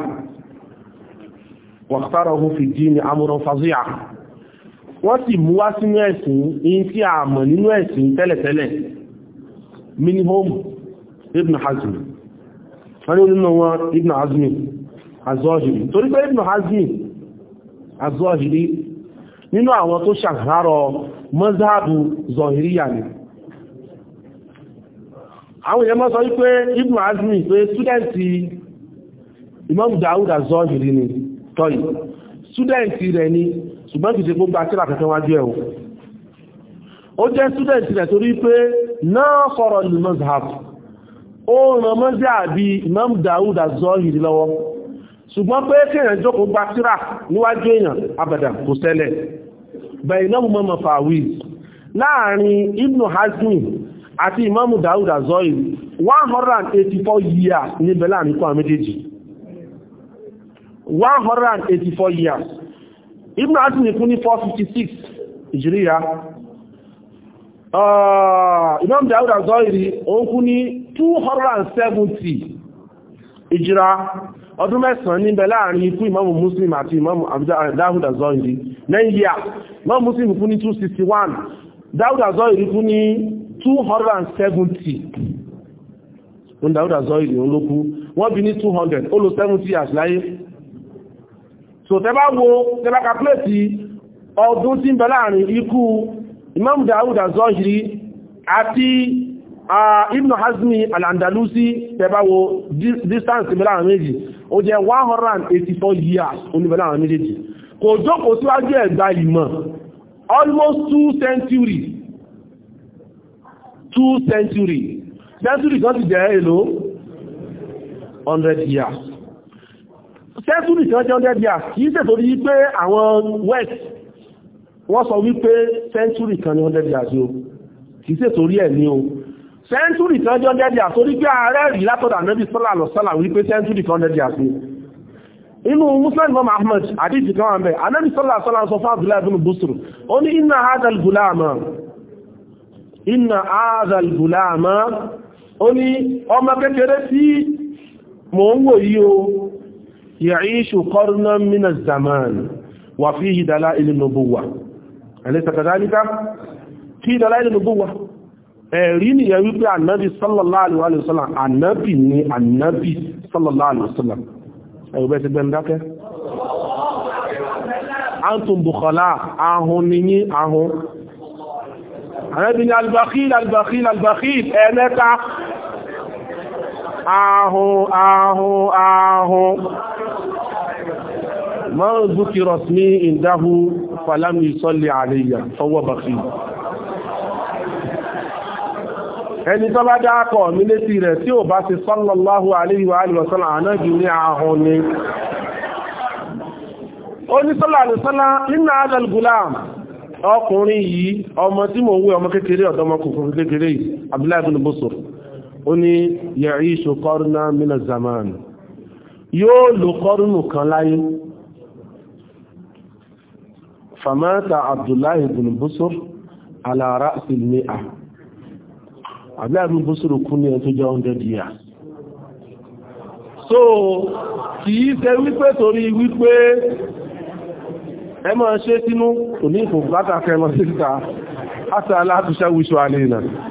waqtarahu fi ad-din amran fazi'a wọ́n sì mú wá sínú ẹ̀sìn in tí a mọ̀ nínú ẹ̀sìn tẹ́lẹ̀tẹ́lẹ̀ minihom ibn hazmi wọ́n ní nínú wọn ibn hazmi azọ́hìrí torí pé ibn hazmi azọ́hìrí nínú àwọn tó ṣàhárọ̀ mọ́záàbù zọ̀hìríyà ni àwọn èèyàn mọ́ sọ wípé ibn hazmi pé túdẹ̀ntì imam dawud azọ́hìrí ni tọ́yì túdẹ̀ntì rẹ̀ ni ṣùgbọ́n kìí gbogbo akílà kẹta wá jẹ́ o ó jẹ́ student rẹ̀ torí pé náà sọ̀rọ̀ ní mazhab ó ràn mọ́sí àbí Imam Dawud az-Zahiri lọ́wọ́ ṣùgbọ́n pé kéèyàn jókòó gba tírà níwájú èèyàn abàdà kò ṣẹlẹ̀ bẹ̀yìn náà mọ́ mọ́ fàwíz láàrin Ibn Hazmi àti Imam Dawud az 184 years ní bẹ̀lá nípa méjèèjì 184 years ibn azmi kú ní 456 ìjìríyà uh, imam dawud azọ́ìrí òun kú ní 270 ìjìrá ọdún mẹ́sàn-án níbẹ̀ láàrin ikú imamu muslim àti imamu dawud azọ́ìrí nigeria imam muslim kú ní 261 dawud azọ́ìrí kú ní 270 òun dawud azọ́ìrí òun ló kú wọ́n bí ní 200 ó lò 70 years láyé so tẹbá wo tẹbá kàpílẹ̀tì ọdún tí ń bẹ láàrin ikú Imam Dawud az-Zahiri àti Ibn Hazmi al-Andalusi tẹbá wo distance bẹ láàrin méjì ó jẹ́ 184 years oníbẹ̀ láàrin méjèèjì kò jókòó síwájú ẹ̀gbà ìmọ̀ almost two centuries two centuries centuries kan ti jẹ́ èlò 100 years sẹ́sùlì tí wọ́n jẹ́ ọdẹ́ bíà kìí ṣe torí wípé àwọn west wọ́n sọ wípé sẹ́ńtúrì kan ní ọdẹ́ bíà sí o kìí ṣe torí ẹ̀ ní o sẹ́ńtúrì tí wọ́n jẹ́ ọdẹ́ bíà torí pé ààrẹ rí látọ̀dà nẹ́bí sọ́là lọ sọ́là wípé sẹ́ńtúrì kan ọdẹ́ bíà sí inú muslim mom ahmed adiji kan wàmẹ anabi sọlá sọlá sọ fún abdullahi bin busru ó ní inna hadal gulama inna hadal gulama ó ní ọmọ kékeré tí يعيش قرنا من الزمان وفيه دلائل النبوة أليس كذلك؟ في دلائل النبوة يا أرين عن النبي صلى الله عليه وسلم عن النبي ني النبي صلى الله عليه وسلم أيوب أنت بن ذاك أنتم بخلاء أهوني أهو النبي البخيل البخيل البخيل أنت ahụ ahụ ahụ man zukira ismi indahu falam yusalli alayya fahuwa ẹni tó bá dákọ̀ mi létí rẹ̀ tí ò bá ti alayhi wa wa ànájú ní ni ó ní sallallahu alayhi wa Adal gulam ọkùnrin yìí ọmọ tí wé ọmọ kékeré ó ní ya'ishu qarna mina zaman yóò lò kọ́rùnù kan láyé famata abdullahi ibn busur ala ra'sil mi'a abdullahi ibn busur kú ní ẹ̀ jẹ́ 100 years so kì í ṣe wípé torí wípé ẹ máa ṣe sínú òní ìfògbátà kẹmọ síta asàlá àtúṣẹ́wìṣọ́ alẹ́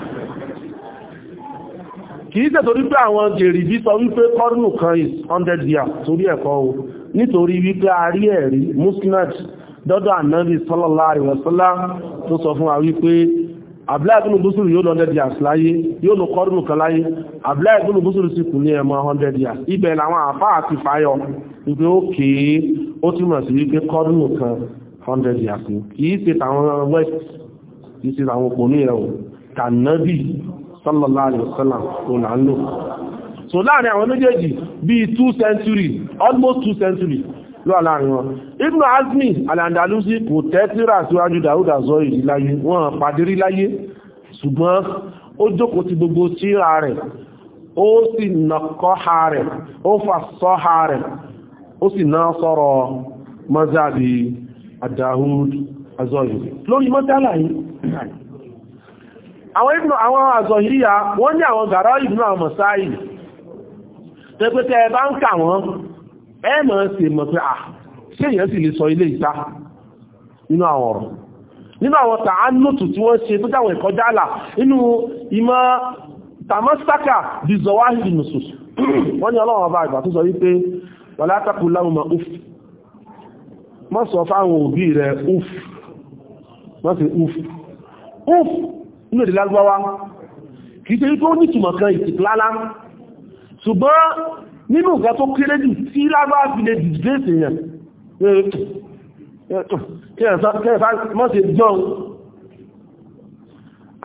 kìí tẹ̀ torí pé àwọn jèrìbí sọ wípé kọ́rùnù kan is 100 years torí ẹ̀kọ́ o nítorí wípé a rí ẹ̀rí musnad dọ́dọ̀ ànábì sallallahu alaihi wasallam tó sọ fún wa wípé àbúláìbùnù búsùrù yóò lọ 100 years láyé yóò lọ kọ́rùnù kan láyé àbúláìbùnù búsùrù sì kù ní ẹ̀mọ 100 years ibẹ̀ làwọn àfá àti fàyọ wípé ó kéé ó túmọ̀ sí wípé kọ́rùnù kan sallallahu alaihi wasallam tó là ń lò so láàrin two century almost two century ló wà láàrin wọn al-Andalusi kò tẹ́tíra síwájú Dawuda zọ èyí láyé wọ́n pàdérí láyé ṣùgbọ́n ó jókòó ti gbogbo tíra rẹ̀ ó sì nàkọ́ha rẹ̀ ó fà sọ́ha rẹ̀ ó sì sọ́rọ̀ mọ́záàbí àdáhùd azọ́yìn lórí mọ́tálà yìí àwọn ìbìnà àwọn àzọ̀híyà wọ́n ní àwọn gàrá ìbìnà àwọn mọ̀sáì tẹ́pẹ́tẹ́ bá ń kà wọ́n ẹ̀mọ̀ sí mọ̀ pé à sí èyàn sì lè sọ ilé ìta nínú àwọn ọ̀rọ̀ nínú àwọn tàánùtù tí wọ́n ṣe tó jáwọn ìkọjálà nínú ìmọ̀ nínú èdè lágbáwá kìí ṣe tó ní ìtumọ̀ kan ìtìplára ṣùgbọ́n nínú nǹkan tó kéré jù tí lágbáwá fi lè dìde èèyàn kẹfà mọ́ sí john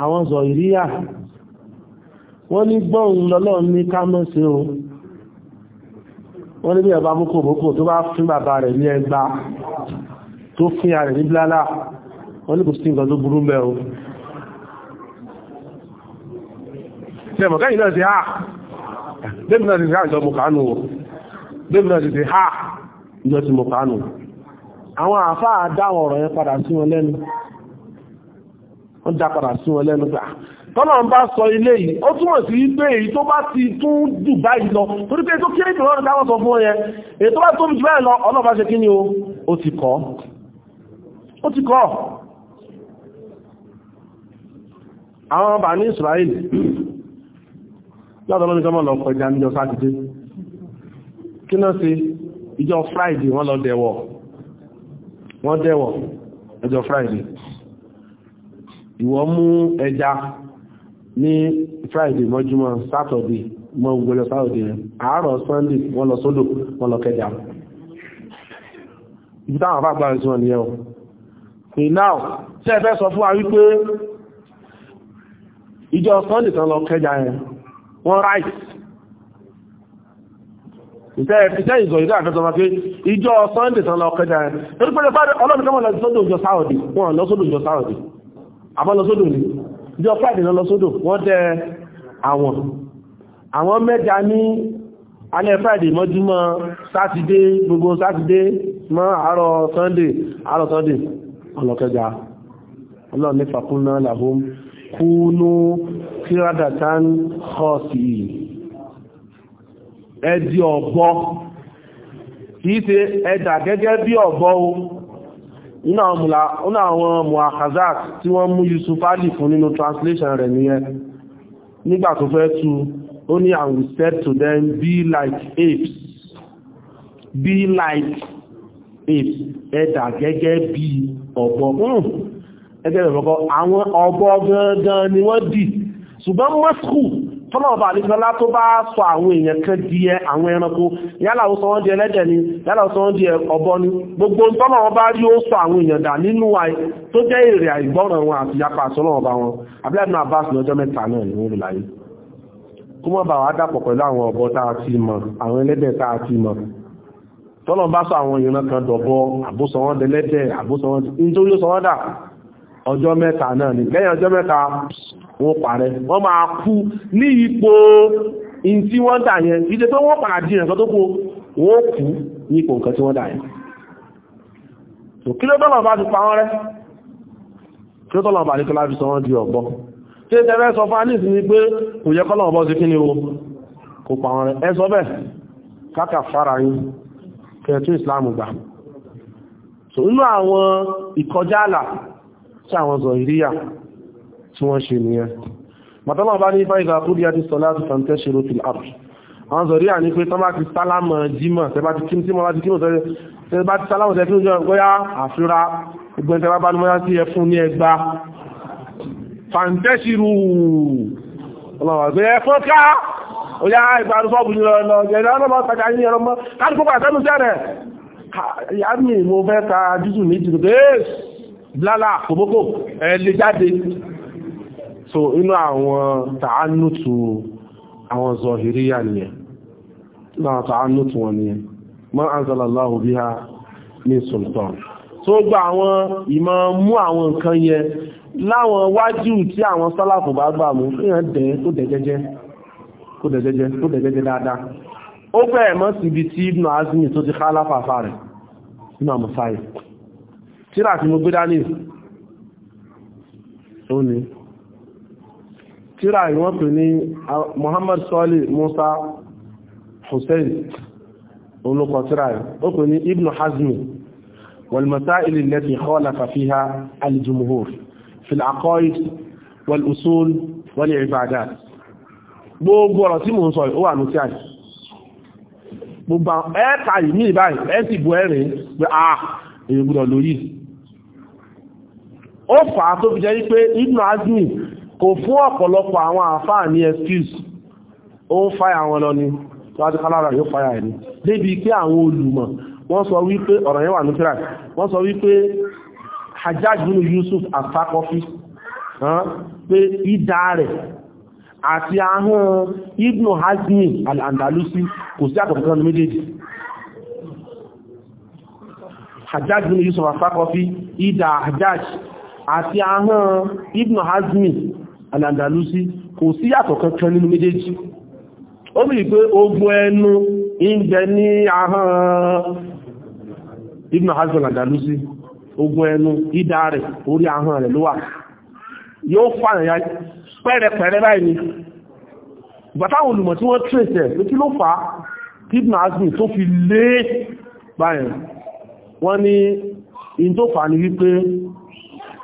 àwọn sọ ìríyà wọ́n ní gbọ́n lọ́lọ́ ní ká mọ́ sí o wọ́n ní bí ẹ̀bá bókò tó bá fún bàbá rẹ̀ ní ẹgbà tó fún ya rẹ̀ ní blálà wọ́n ní kò sí nǹkan tó burú mẹ́ sẹ́mọ̀ káyìn náà ti ha bẹ́ẹ̀mì náà ti ha ìjọ mọ̀kánù bẹ́ẹ̀mì náà ti ti ha ìjọ ti mọ̀kánù àwọn àfáà dá ọ̀rọ̀ yẹn padà sí wọn lẹ́nu wọ́n dá padà sí wọn lẹ́nu gbà ah, tọ́nà ń bá sọ ilé yìí ó túmọ̀ sí pé èyí tó bá ti tún jù báyìí lọ torí pé tó kéré jùlọ ọ̀rọ̀ dáwọ́ sọ fún ọyẹ èyí tó bá tó jù báyìí lọ ọlọ́ba ṣe kí ni o ó ti kọ́ ó ti kọ́ àwọn ọba ní Israel látọ̀ lọ́nà ìjọmọ̀ lọ kọjá níjọ sátidé kí náà sí ìjọ friday wọ́n lọ dẹ̀wọ̀ wọ́n dẹ̀wọ̀ ẹjọ friday ìwọ mú ẹja ní friday mọ́júmọ́ saturday mọ́ gbogbo saturday rẹ̀ àárọ̀ sunday wọ́n lọ sódò wọ́n lọ kẹjà ibi táwọn afá gbára sí wọn nìyẹn o pè náà tí ẹ fẹ́ sọ fún wa wípé ìjọ sunday kan lọ kẹjà yẹn wọ́n ráìsì ìtẹ́ ìzọ̀ ìdá àfẹ́sọmọ pé ìjọ sunday tán lọ kẹjà ẹ̀ torí pẹ́lẹ̀ fáre ọlọ́dún kọ́mọ̀ lọ sódò ìjọ sáwọ̀dì wọ́n lọ sódò ìjọ sáwọ̀dì àbọ́ lọ sódò ní ìjọ friday lọ sódò wọ́n tẹ àwọn àwọn mẹ́ta ní alẹ́ friday mọ́júmọ́ sátidé gbogbo sátidé mọ́ àárọ̀ sunday àárọ̀ sunday ọlọ́kẹjà ọlọ́ọ̀lẹ́fà kúnná làhóm kúnú kíradàtán kọ́ọ̀sì yìí ẹdí ọ̀bọ kìí ṣe ẹ̀dà gẹ́gẹ́ bí ọ̀bọ o nínú àwọn muakazak tí wọ́n mú Yusuf Ali fún nínú translation rẹ̀ nìyẹn nígbà tó fẹ́ tú ó ní and we said to them be like apes be like apes ẹ̀dà gẹ́gẹ́ bí ọ̀bọ hmm. ẹgbẹ́ ìrọ̀kọ́ àwọn ọ̀bọ gangan ni wọ́n dì ṣùgbọ́n mọ́sùkù tọ́lọ̀bà àlejọ́lá tó bá sọ àwọn èèyàn kan di ẹ àwọn ẹranko yálà ó di ẹlẹ́dẹ̀ ni yálà ó sọ wọ́n di ọ̀bọ ni gbogbo tọ́lọ̀wọ́n bá rí ó sọ àwọn èèyàn dà nínú àì tó jẹ́ èrè àìgbọ́ràn wọn àti yapa àtọ́lọ̀wọ́n bá wọn abúlẹ́dùn abbas lọ́jọ́ mẹ́ta náà ni wọ́n láyé kó mọ́ bà wá dàpọ̀ pẹ̀lú àwọn ọ̀bọ tá a ti mọ̀ àwọn ẹlẹ́dẹ̀ tá a ti mọ̀ tọ́lọ̀ ọjọ́ mẹ́ta náà ni lẹ́yìn ọjọ́ mẹ́ta wọ́n parẹ́ wọ́n máa kú ní ipò in tí wọ́n dà yẹn ìdẹ́ tó wọ́n padà dìrẹ̀ tó kó wọ́n kú ní ipò nǹkan tí wọ́n dà yẹn tó kí ló tọ́lọ̀ bá ti pa wọ́n rẹ́ kí ló tọ́lọ̀ bá ní kọ́lá fi sọ wọ́n di ọ̀bọ tí ẹgbẹ́ sọ fún anís ni pé kò yẹ kọ́lọ̀ ọ̀bọ sí kí ni o kò pa wọ́n rẹ́ ẹ sọ bẹ́ẹ̀ káàkà fara yín kẹtún ìsìláàmù gbà so inú àwọn ìkọjá àlà sí àwọn zọ̀ìríyà tí wọ́n ṣe nìyẹn mọ̀tọ́lọ̀ bá ní bá ìgbà kúrò yá ti sọ láti fàǹtẹ́ ṣe ló fi àrùn àwọn zọ̀rí à ní pé tọ́ bá ti sálámọ̀ jímọ̀ tẹ́bá ti kíni tímọ̀ bá ti kíni tẹ́bá ti sálámọ̀ tẹ́ kíni jọ gbọ́yá àfíra ìgbẹ̀n tẹ́bá bá ní mọ́yá sí ẹfún ní ẹgbà fàǹtẹ́ṣìrù ọlọ́wọ́ pé ẹfún ká ó yá ìgbàrú sọ́ọ̀bù ní lọ jẹ́rẹ́ mi mo fẹ́ ta dídùn méjì lálà kòbókò ẹ̀ lè jáde so inú àwọn tàánùtù àwọn zọ̀hìríyà nìyẹn náà tàánùtù wọn nìyẹn ma anzalallahu biha min sultan tó gba àwọn ìmọ̀ mú àwọn nǹkan yẹn láwọn wájú tí àwọn sálàfù bá gbà mú èèyàn dẹ̀ tó dẹ̀ jẹ́jẹ́ tó dẹ̀ jẹ́jẹ́ tó dẹ̀ jẹ́jẹ́ dáadáa ó fẹ́ mọ́ síbi tí Ibn Azmi tó ti ká láfàfà rẹ̀ nínú àmọ̀sáyì tíra tí mo gbé dání ó ní tíra ìwọ́n pè ní Muhammad Soli Musa Hussein olùkọ́ tíra ẹ̀ ó pè ní Ibn Hazmi والمسائل التي خالف فيها الجمهور في العقائد والأصول والعبادات gbogbo ọ̀rọ̀ tí mo ń sọ ó wà ní tí àì gbogbo ẹ́ẹ̀kà ìmí ìbáyìí ẹ́ẹ̀sì bú ẹ̀rìn pé à kò fún ọ̀pọ̀lọpọ̀ àwọn àfáà ní excuse ó ń fáyà wọn lọ ni láti kálára yóò fáyà ẹni débi pé àwọn olùmọ̀ wọ́n sọ wípé ọ̀rọ̀ yẹn wà ní tíra wọ́n sọ wípé Hajjaj Yusuf Asakọfi pé ìdá rẹ̀ àti ahọ́n Ibn Hazmi al-Andalusi kò sí àkọ̀kọ̀ méjèèjì Hajjaj bin Yusuf Asakọfi ìdá Hajjaj àti ahọ́n Ibn Hazmi alandalusi kò sí yàtọ̀ kankan nínú méjèèjì ó bí pé ogun ẹnu ìjẹ ní ahán ibn hasan alandalusi ogun ẹnu ìdá rẹ̀ orí ahán rẹ̀ ló wà yóò pere pẹ́rẹpẹ̀rẹ báyìí bàtàwọn olùmọ̀ tí wọ́n tírèsẹ̀ ló kí ló fà ibn hasan tó fi lé báyìí wọ́n ni in tó fà ní wípé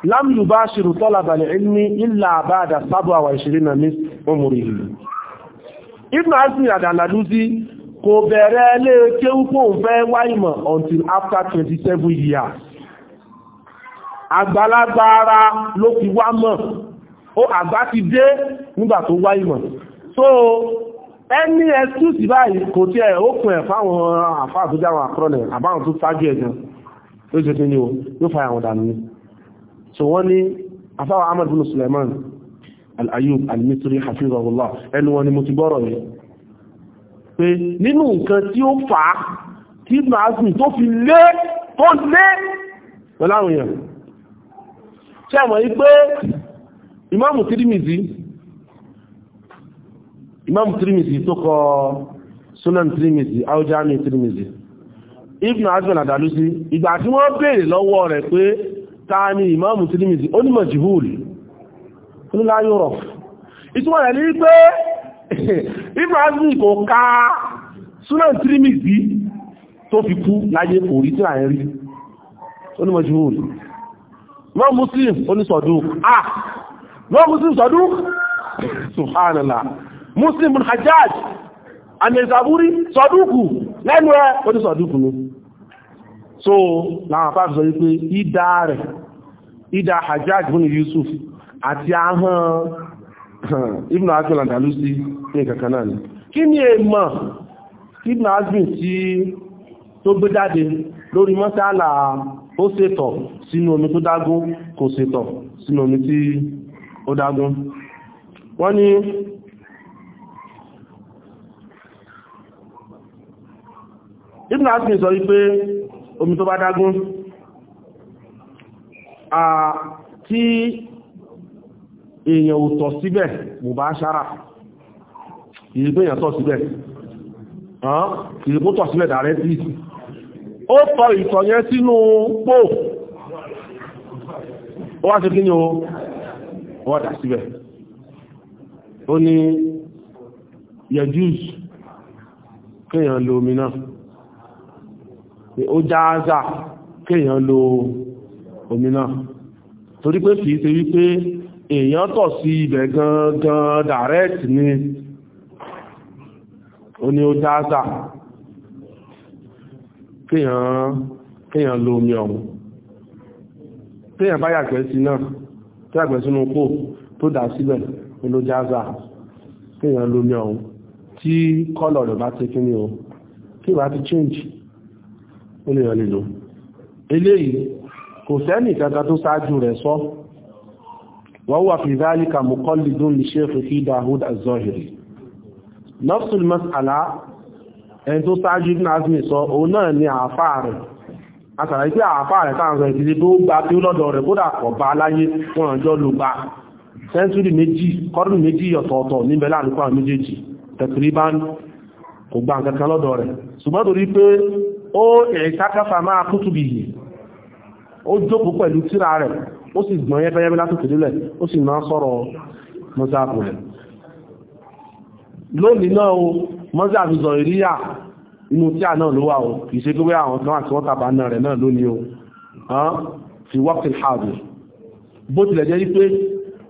lam yubashiru talaba al-ilmi illa ba'da sab'a wa ishrina min umrihi ibn asmi adaladuzi kò bẹ̀rẹ̀ ilé kéwú kó ń fẹ́ wá until after 27 years àgbàlagbà ara ló fi wá mọ̀ ó àgbà ti dé nígbà tó wá so ẹni excuse báyìí kò tí ẹ̀ ó pẹ̀ fáwọn àfáà tó jáwọn àkọrọ̀lẹ̀ àbáwọn tó sáájú ẹ̀gbọ́n ló ṣe kí ni ó yóò fa àwọn dànù so wọ́n ní afáwà ahmad bin suleiman al-ayub al-misri hafizahullah ẹnu wọn ni mo ti gbọ́rọ̀ yẹn pé nínú nǹkan tí ó fà á tí maasmi tó fi lé tó lé pẹ̀lú àwọn èèyàn ṣe àmọ́ yí pé ìmáàmù tìrìmìsì ìmáàmù tìrìmìsì tó kọ sunan tìrìmìsì aujami tìrìmìsì ibn azman adalusi ìgbà tí wọ́n béèrè lọ́wọ́ rẹ̀ pé ta ni ìmáàmù Tirmidhi ó ní majhul la yuraf ìtumọ̀ rẹ̀ ní pé ibrahim kò ká Sunan Tirmidhi tó fi kú láyé kò tí àárín rí ó ní majhul mọ́ muslim ó ní saduq ah! muslim so láwọn afáàfisọ wípé ìdá ìdá Hajjaj bin Yusuf àti ahọ́n Ibn Abdul Andalusi ní ìkankan náà ni kí ni èèmọ̀ Ibn Azmin tí tó gbé jáde lórí mọ́sálà ó ṣètọ̀ sínú omi tó dágún kò ṣètọ̀ sínú omi tí ó dágún wọ́n ní Ibn Azmin sọ wípé omi tó bá dágún tí èèyàn ò tọ̀ síbẹ̀ mubashara ìrìgbé èèyàn tọ̀ síbẹ̀ ìrìgbó tọ̀ síbẹ̀ dàrẹ́ sí ó tọ̀ ìtọ̀ yẹn sínú pò ó wá sí kí ni ó wọ́n dà síbẹ̀ ó ní yẹjúz kéèyàn lo omi náà ó jáázà kéèyàn lo omi omi torí pé kìí ṣe wípé èèyàn tọ̀ sí ibẹ̀ gangan direct ni ó ní ó dáásà kéèyàn lo omi ọ̀hún téèyàn bá yàgbẹ́ sí náà tí àgbẹ̀ sínú pò tó dà síbẹ̀ ló jáza téèyàn lómi ọ̀hún tí kọ́lọ̀ rẹ̀ bá ti kíní o kí bá ti change ó lè yàn lílo eléyìí kò sẹ́nì kankan tó ṣáájú rẹ̀ sọ wa huwa fi dhalika muqallidun li Sheikh fi Dawud az-Zahiri nafsul mas'ala ẹni tó ṣáájú Ibn Azmi sọ òun náà ni àáfàá rẹ̀ àtàrà ìpé àáfàá rẹ̀ táwọn ìdílé tó gba tí ó lọ́dọ̀ rẹ̀ kódà kọ̀ bá aláyé wọn àjọ ló gba sẹ́ńtúrì méjì kọ́dún méjì ọ̀tọ̀ọ̀tọ̀ máa kútùbì yìí ó jókòó pẹ̀lú tíra rẹ̀ ó sì gbọ́n yẹ́bẹ́yẹ́bẹ́ látòkè délẹ̀ ó sì máa sọ̀rọ̀ mọ́sáàbù rẹ̀ lónìí náà o mọ́sáàbù zọ ìríyà inú tíà náà ló wà o kì í ṣe pé àwọn kan àti wọ́n tàbá náà rẹ̀ náà lónìí o fi wọ́pì hàbù bó tilẹ̀ jẹ́ wípé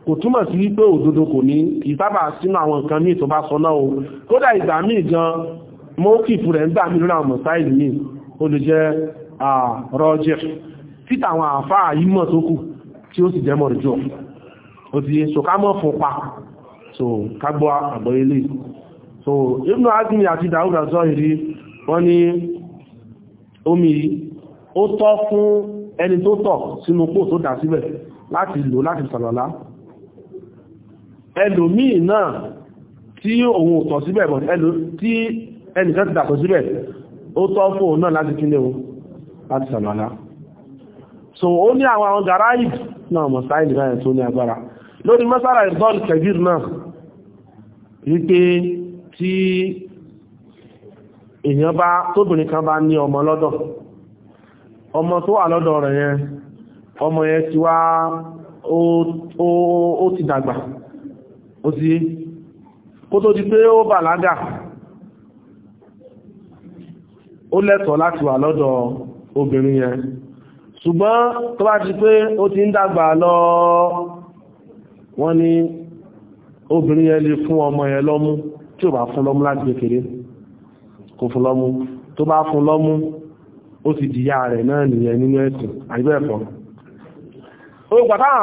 kò túmọ̀ sí wípé òdodo kò ní ìsábà sínú àwọn nǹkan míì tó bá sọ náà o kódà ìgbà míì gan mọ́kìfù rẹ̀ ń gbà mí lórí àwọn mọ̀sáìlì míì ó lè jẹ́ rọ́jẹ́ títà àwọn àfáà yìí mọ̀ tó kù tí ó sì jẹ́ mọ̀ jù ó ti yé so ká mọ̀ fún pa so ká gbọ́ àgbọ̀ ilé so Ibn Azmi àti Dawud az-Zahiri wọ́n ní omi ó tọ́ fún ẹni tó tọ̀ sínú pò tó dà síbẹ̀ láti lò láti sàlọ̀lá ẹlòmíì náà tí òun tọ̀ síbẹ̀ tí ẹnìkan ti dàtọ̀ síbẹ̀ ó tọ́ fún òun náà láti kílé o láti sàlọ̀lá so ó ní àwọn àwọn garaid náà mọ̀sáìlì báyẹ̀ tó ní agbára lórí mọ́sára ìdọ́lù kẹbír náà wípé tí èèyàn bá tóbìnrin kan bá ní ọmọ lọ́dọ̀ ọmọ tó wà lọ́dọ̀ rẹ̀ yẹn ọmọ yẹn ti wá ó ti dàgbà ó ti kó tó di pé ó bàlágà ó lẹ́tọ̀ọ́ láti wà lọ́dọ̀ obìnrin yẹn ṣùgbọ́n tó bá ti pé ó ti ń dàgbà lọ wọ́n ní obìnrin yẹn lè fún ọmọ yẹn lọ́mú tí ò bá fún lọ́mú láti kékeré kò fún lọ́mú tó bá fún lọ́mú ó ti dìyà rẹ̀ náà nìyẹn nínú ẹ̀sìn àìbẹ́ẹ̀kọ́ orúkọ táwọn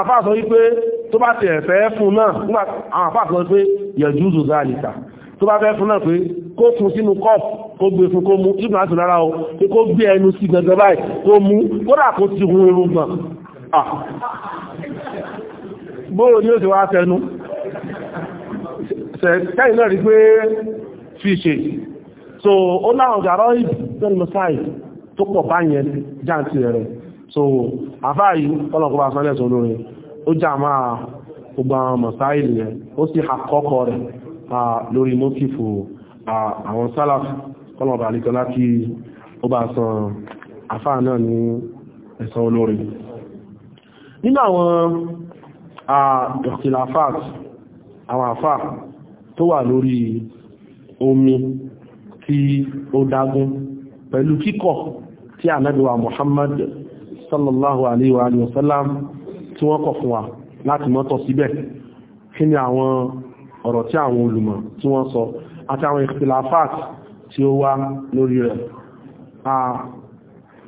àfáà tó bá fẹ́ fún náà pé kó fún sínú cup kó gbé fún kó mú ìgbà àti lára o pé kó gbé ẹnu sí gẹ̀gẹ̀ báyìí kó mú kódà kó ti hun irun gan ah. bóòrò ni ó ti wá tẹnu sẹ́yìn náà rí pé fi ṣe so ó láwọn ọ̀gárọ́ ìpínlẹ̀ tó pọ̀ báyẹn jáǹtì rẹ̀ so àfáàyí ọlọ́kọ̀ọ́ asánlẹ̀ sọ lórí ó jà máa gbogbo àwọn mọ̀sáìlì rẹ̀ ó sì àkọ́kọ́ rẹ̀ lórí mọ́tífù àwọn sálàf kọlọ̀bà àlìkọ láti ó bá san àfáà náà ní ẹ̀san olórí nínú àwọn ìkìlàfáà àwọn àfáà tó wà lórí omi tí ó dágún pẹ̀lú kíkọ̀ tí Ànábì wa Muhammad sallallahu alaihi wa sallam tí wọ́n kọ̀ fún wa láti mọ́tọ̀ síbẹ̀ kí ni àwọn ọ̀rọ̀ tí àwọn olùmọ̀ tí wọ́n sọ àti àwọn ìfìlàfàt tí ó wá lórí rẹ̀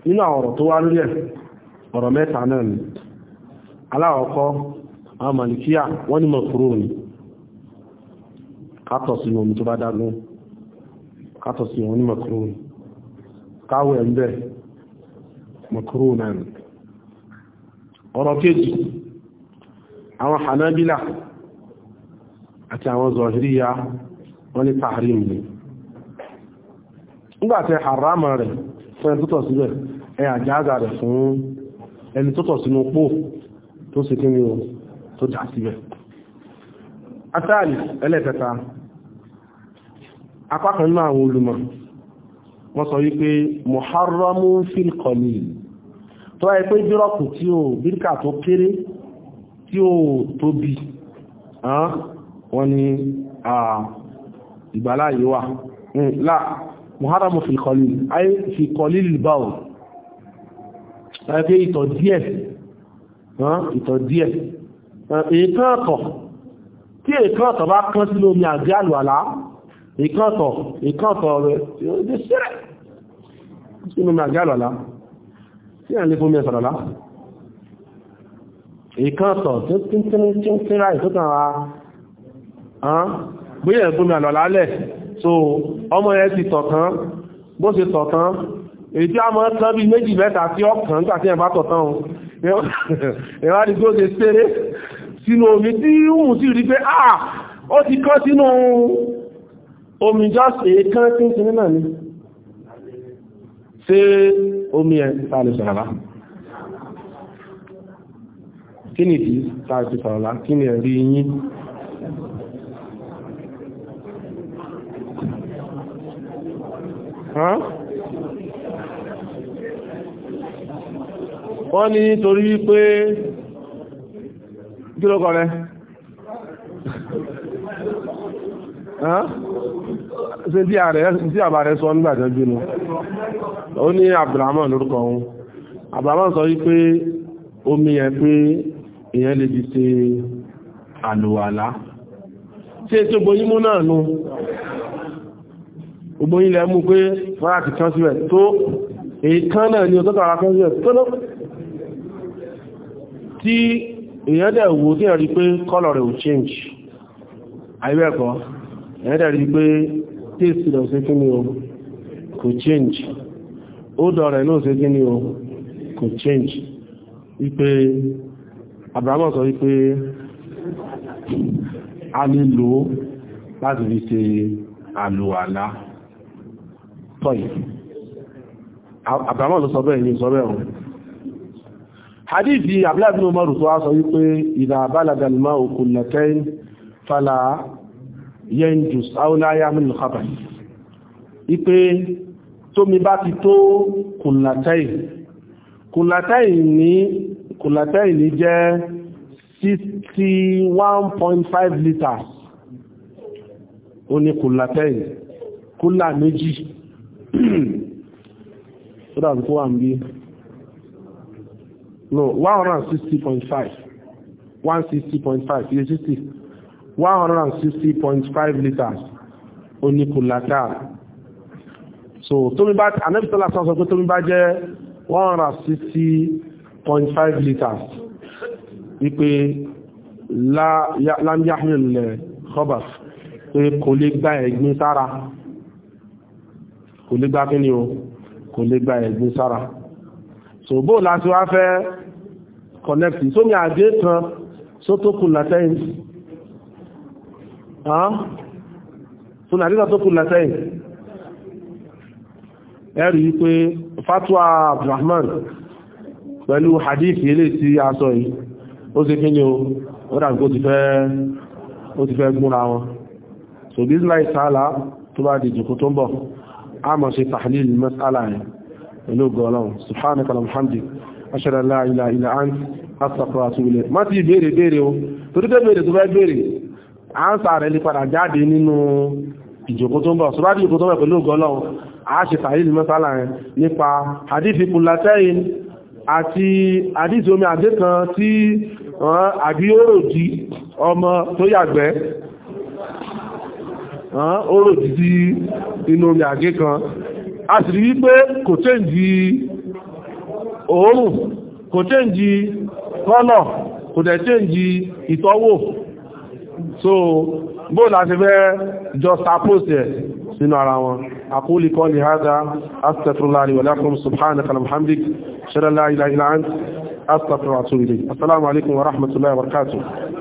nínú àwọn ọ̀rọ̀ tó wá lórí ẹ̀ ọ̀rọ̀ mẹ́ta náà ni aláwọ̀kọ́ àwọn màlìkíyà wọ́n ní mọ̀kúrò ní kátọ̀ sí àti àwọn zọ̀híríyà wọ́n ní tahrim ni nígbàtí harama rẹ̀ fún ẹni tótọ̀ síbẹ̀ ẹ àjáza rẹ̀ fún ẹni tótọ̀ sínú pò tó sì kíni o tó jà síbẹ̀ atáàlì ẹlẹ́kẹta apákan náà àwọn olùmọ̀ wọ́n tí ó bíríkà tó wọ́n ní ìgbàláyé wà hmm, la muharamu fi kọlí ayé fi kọlí lìbáwò ẹgbẹ́ ìtọ̀ díẹ̀ ìtọ̀ díẹ̀ èékán ọ̀tọ̀ tí èékán ọ̀tọ̀ bá kán sí lómi àgbé àlùwàlá èékán ọ̀tọ̀ èékán ọ̀tọ̀ rẹ̀ yóò dé sẹ́rẹ̀ sí lómi àgbé àlùwàlá tí à ń lé fún mi ẹ̀sàrọ̀lá èékán ọ̀tọ̀ tí ó tí ń tí ń tí ń tí ń ráì tó kàn bóyẹ̀ gómi àlọ́lá lẹ̀ so ọmọ yẹn ti tọ̀tán bó ṣe tọ̀tán èyí tí a mọ́ tán bí méjì mẹ́ta tí ọkàn nígbà tí ẹ̀ bá tọ̀tán o ẹ̀wá ni bí ó ṣe ṣeré sínú omi tí wùn sí rí pé ah ó ti kán sínú omi just èékán tí ń sinú náà ni ṣé omi ẹ̀ tààlù sàrà kí ni ìdí tààlù sàrà kí wọ́n ní torí wípé kí ló kọ́ rẹ̀ ṣe tí ààrẹ tí àbà rẹ̀ sọ nígbàtẹ́ bínú ó ní Abdulrahman lórúkọ ohun Abdulrahman sọ wípé omi ẹ̀ pé èyàn lè fi ṣe àlùwàlá tí ètò gboyímú náà nú gbogbo ilẹ̀ mú pé fara ti kán síbẹ̀ tó èkán náà ni ọ̀tọ́ta ara kán síbẹ̀ tọ́lọ́ tí èyẹ́dẹ̀ wo tí ẹ̀rí pé color rẹ̀ ò change àìbẹ́ẹ̀kọ́ èyẹ́dẹ̀ rí pé taste rẹ̀ ṣe kí ni o kò change odor rẹ̀ náà ṣe kí ni o kò change wípé Abraham sọ wípé a lè lò láti fi ṣe àlùwàlá tọ́yì àbàmọ́ ló sọ bẹ́ẹ̀ ní sọ bẹ́ẹ̀ rùn hadithi abúláàbínú mọ́rù tó wá sọ wípé ìdá balagalma òkú lẹ́tẹ́yìn fàlà yẹnjùs áúláyàmìn lùkàbà ipé tómi bá ti tó kùnlátẹ́yìn kùnlátẹ́yìn ní kùnlátẹ́yìn ní jẹ́ 61.5 liters oni ní kùnlátẹ́yìn kùnlá méjì so that's what I'm be no 160.5 160.5 you see 160.5 liters oníkùlátà so tómi bá anẹ́bìtọ́lá sọ́sọ́ pé tómi bá jẹ́ 160.5 liters wípé lámíyàmìlẹ̀ kọbàs pé kò lè gba ẹ̀gbin sára kò lè gba kíni o kò lè gba ẹ̀gbin sára so bó láti wá fẹ́ connect sómi àdé kan sótókù látẹ́yìn sómi àdé kan tó kù látẹ́yìn ẹ̀rí wípé fatwa Abdulrahman pẹ̀lú hadith ilé tí a sọ yìí ó sì kíni o ó dà kó ti fẹ́ gúnra wọn so this life sálà tó bá di jùkú tó ń bọ̀ a mọ̀ ṣe tahlil mas'ala yẹn pẹ̀lú gọ́ọ̀lọ́run subhanaka alhamdi ashhadu an la ilaha illa ant astaghfiruka wa atubu ilayk má ti béèrè béèrè o torí pé béèrè tó bá béèrè à ń sàárẹ̀ lè padà jáde nínú ìjòkó tó ń bọ̀ sọ́bá ìjòkó tó ń bọ̀ pẹ̀lú gọ́ọ̀lọ́run a ṣe tahlil mas'ala yẹn nípa hadithi kullatayn àti hadithi omi àdé kan tí àbí ó rò di ọmọ tó yàgbẹ́ ó títí inú omi àgé kan a sì rí pé kò tẹ́ǹdì òórùn kò tẹ́ǹdì kọ́nà kò dẹ̀ tẹ́ǹdì ìtọ́wò so bó láti fẹ́ jọ sàpòsì ẹ̀ sínú ara wọn aqulu qawli hadha astaghfirullah li wa lakum subhanaka wa bihamdik shalla la ilaha ant astaghfiruka wa rahmatullahi wa barakatuh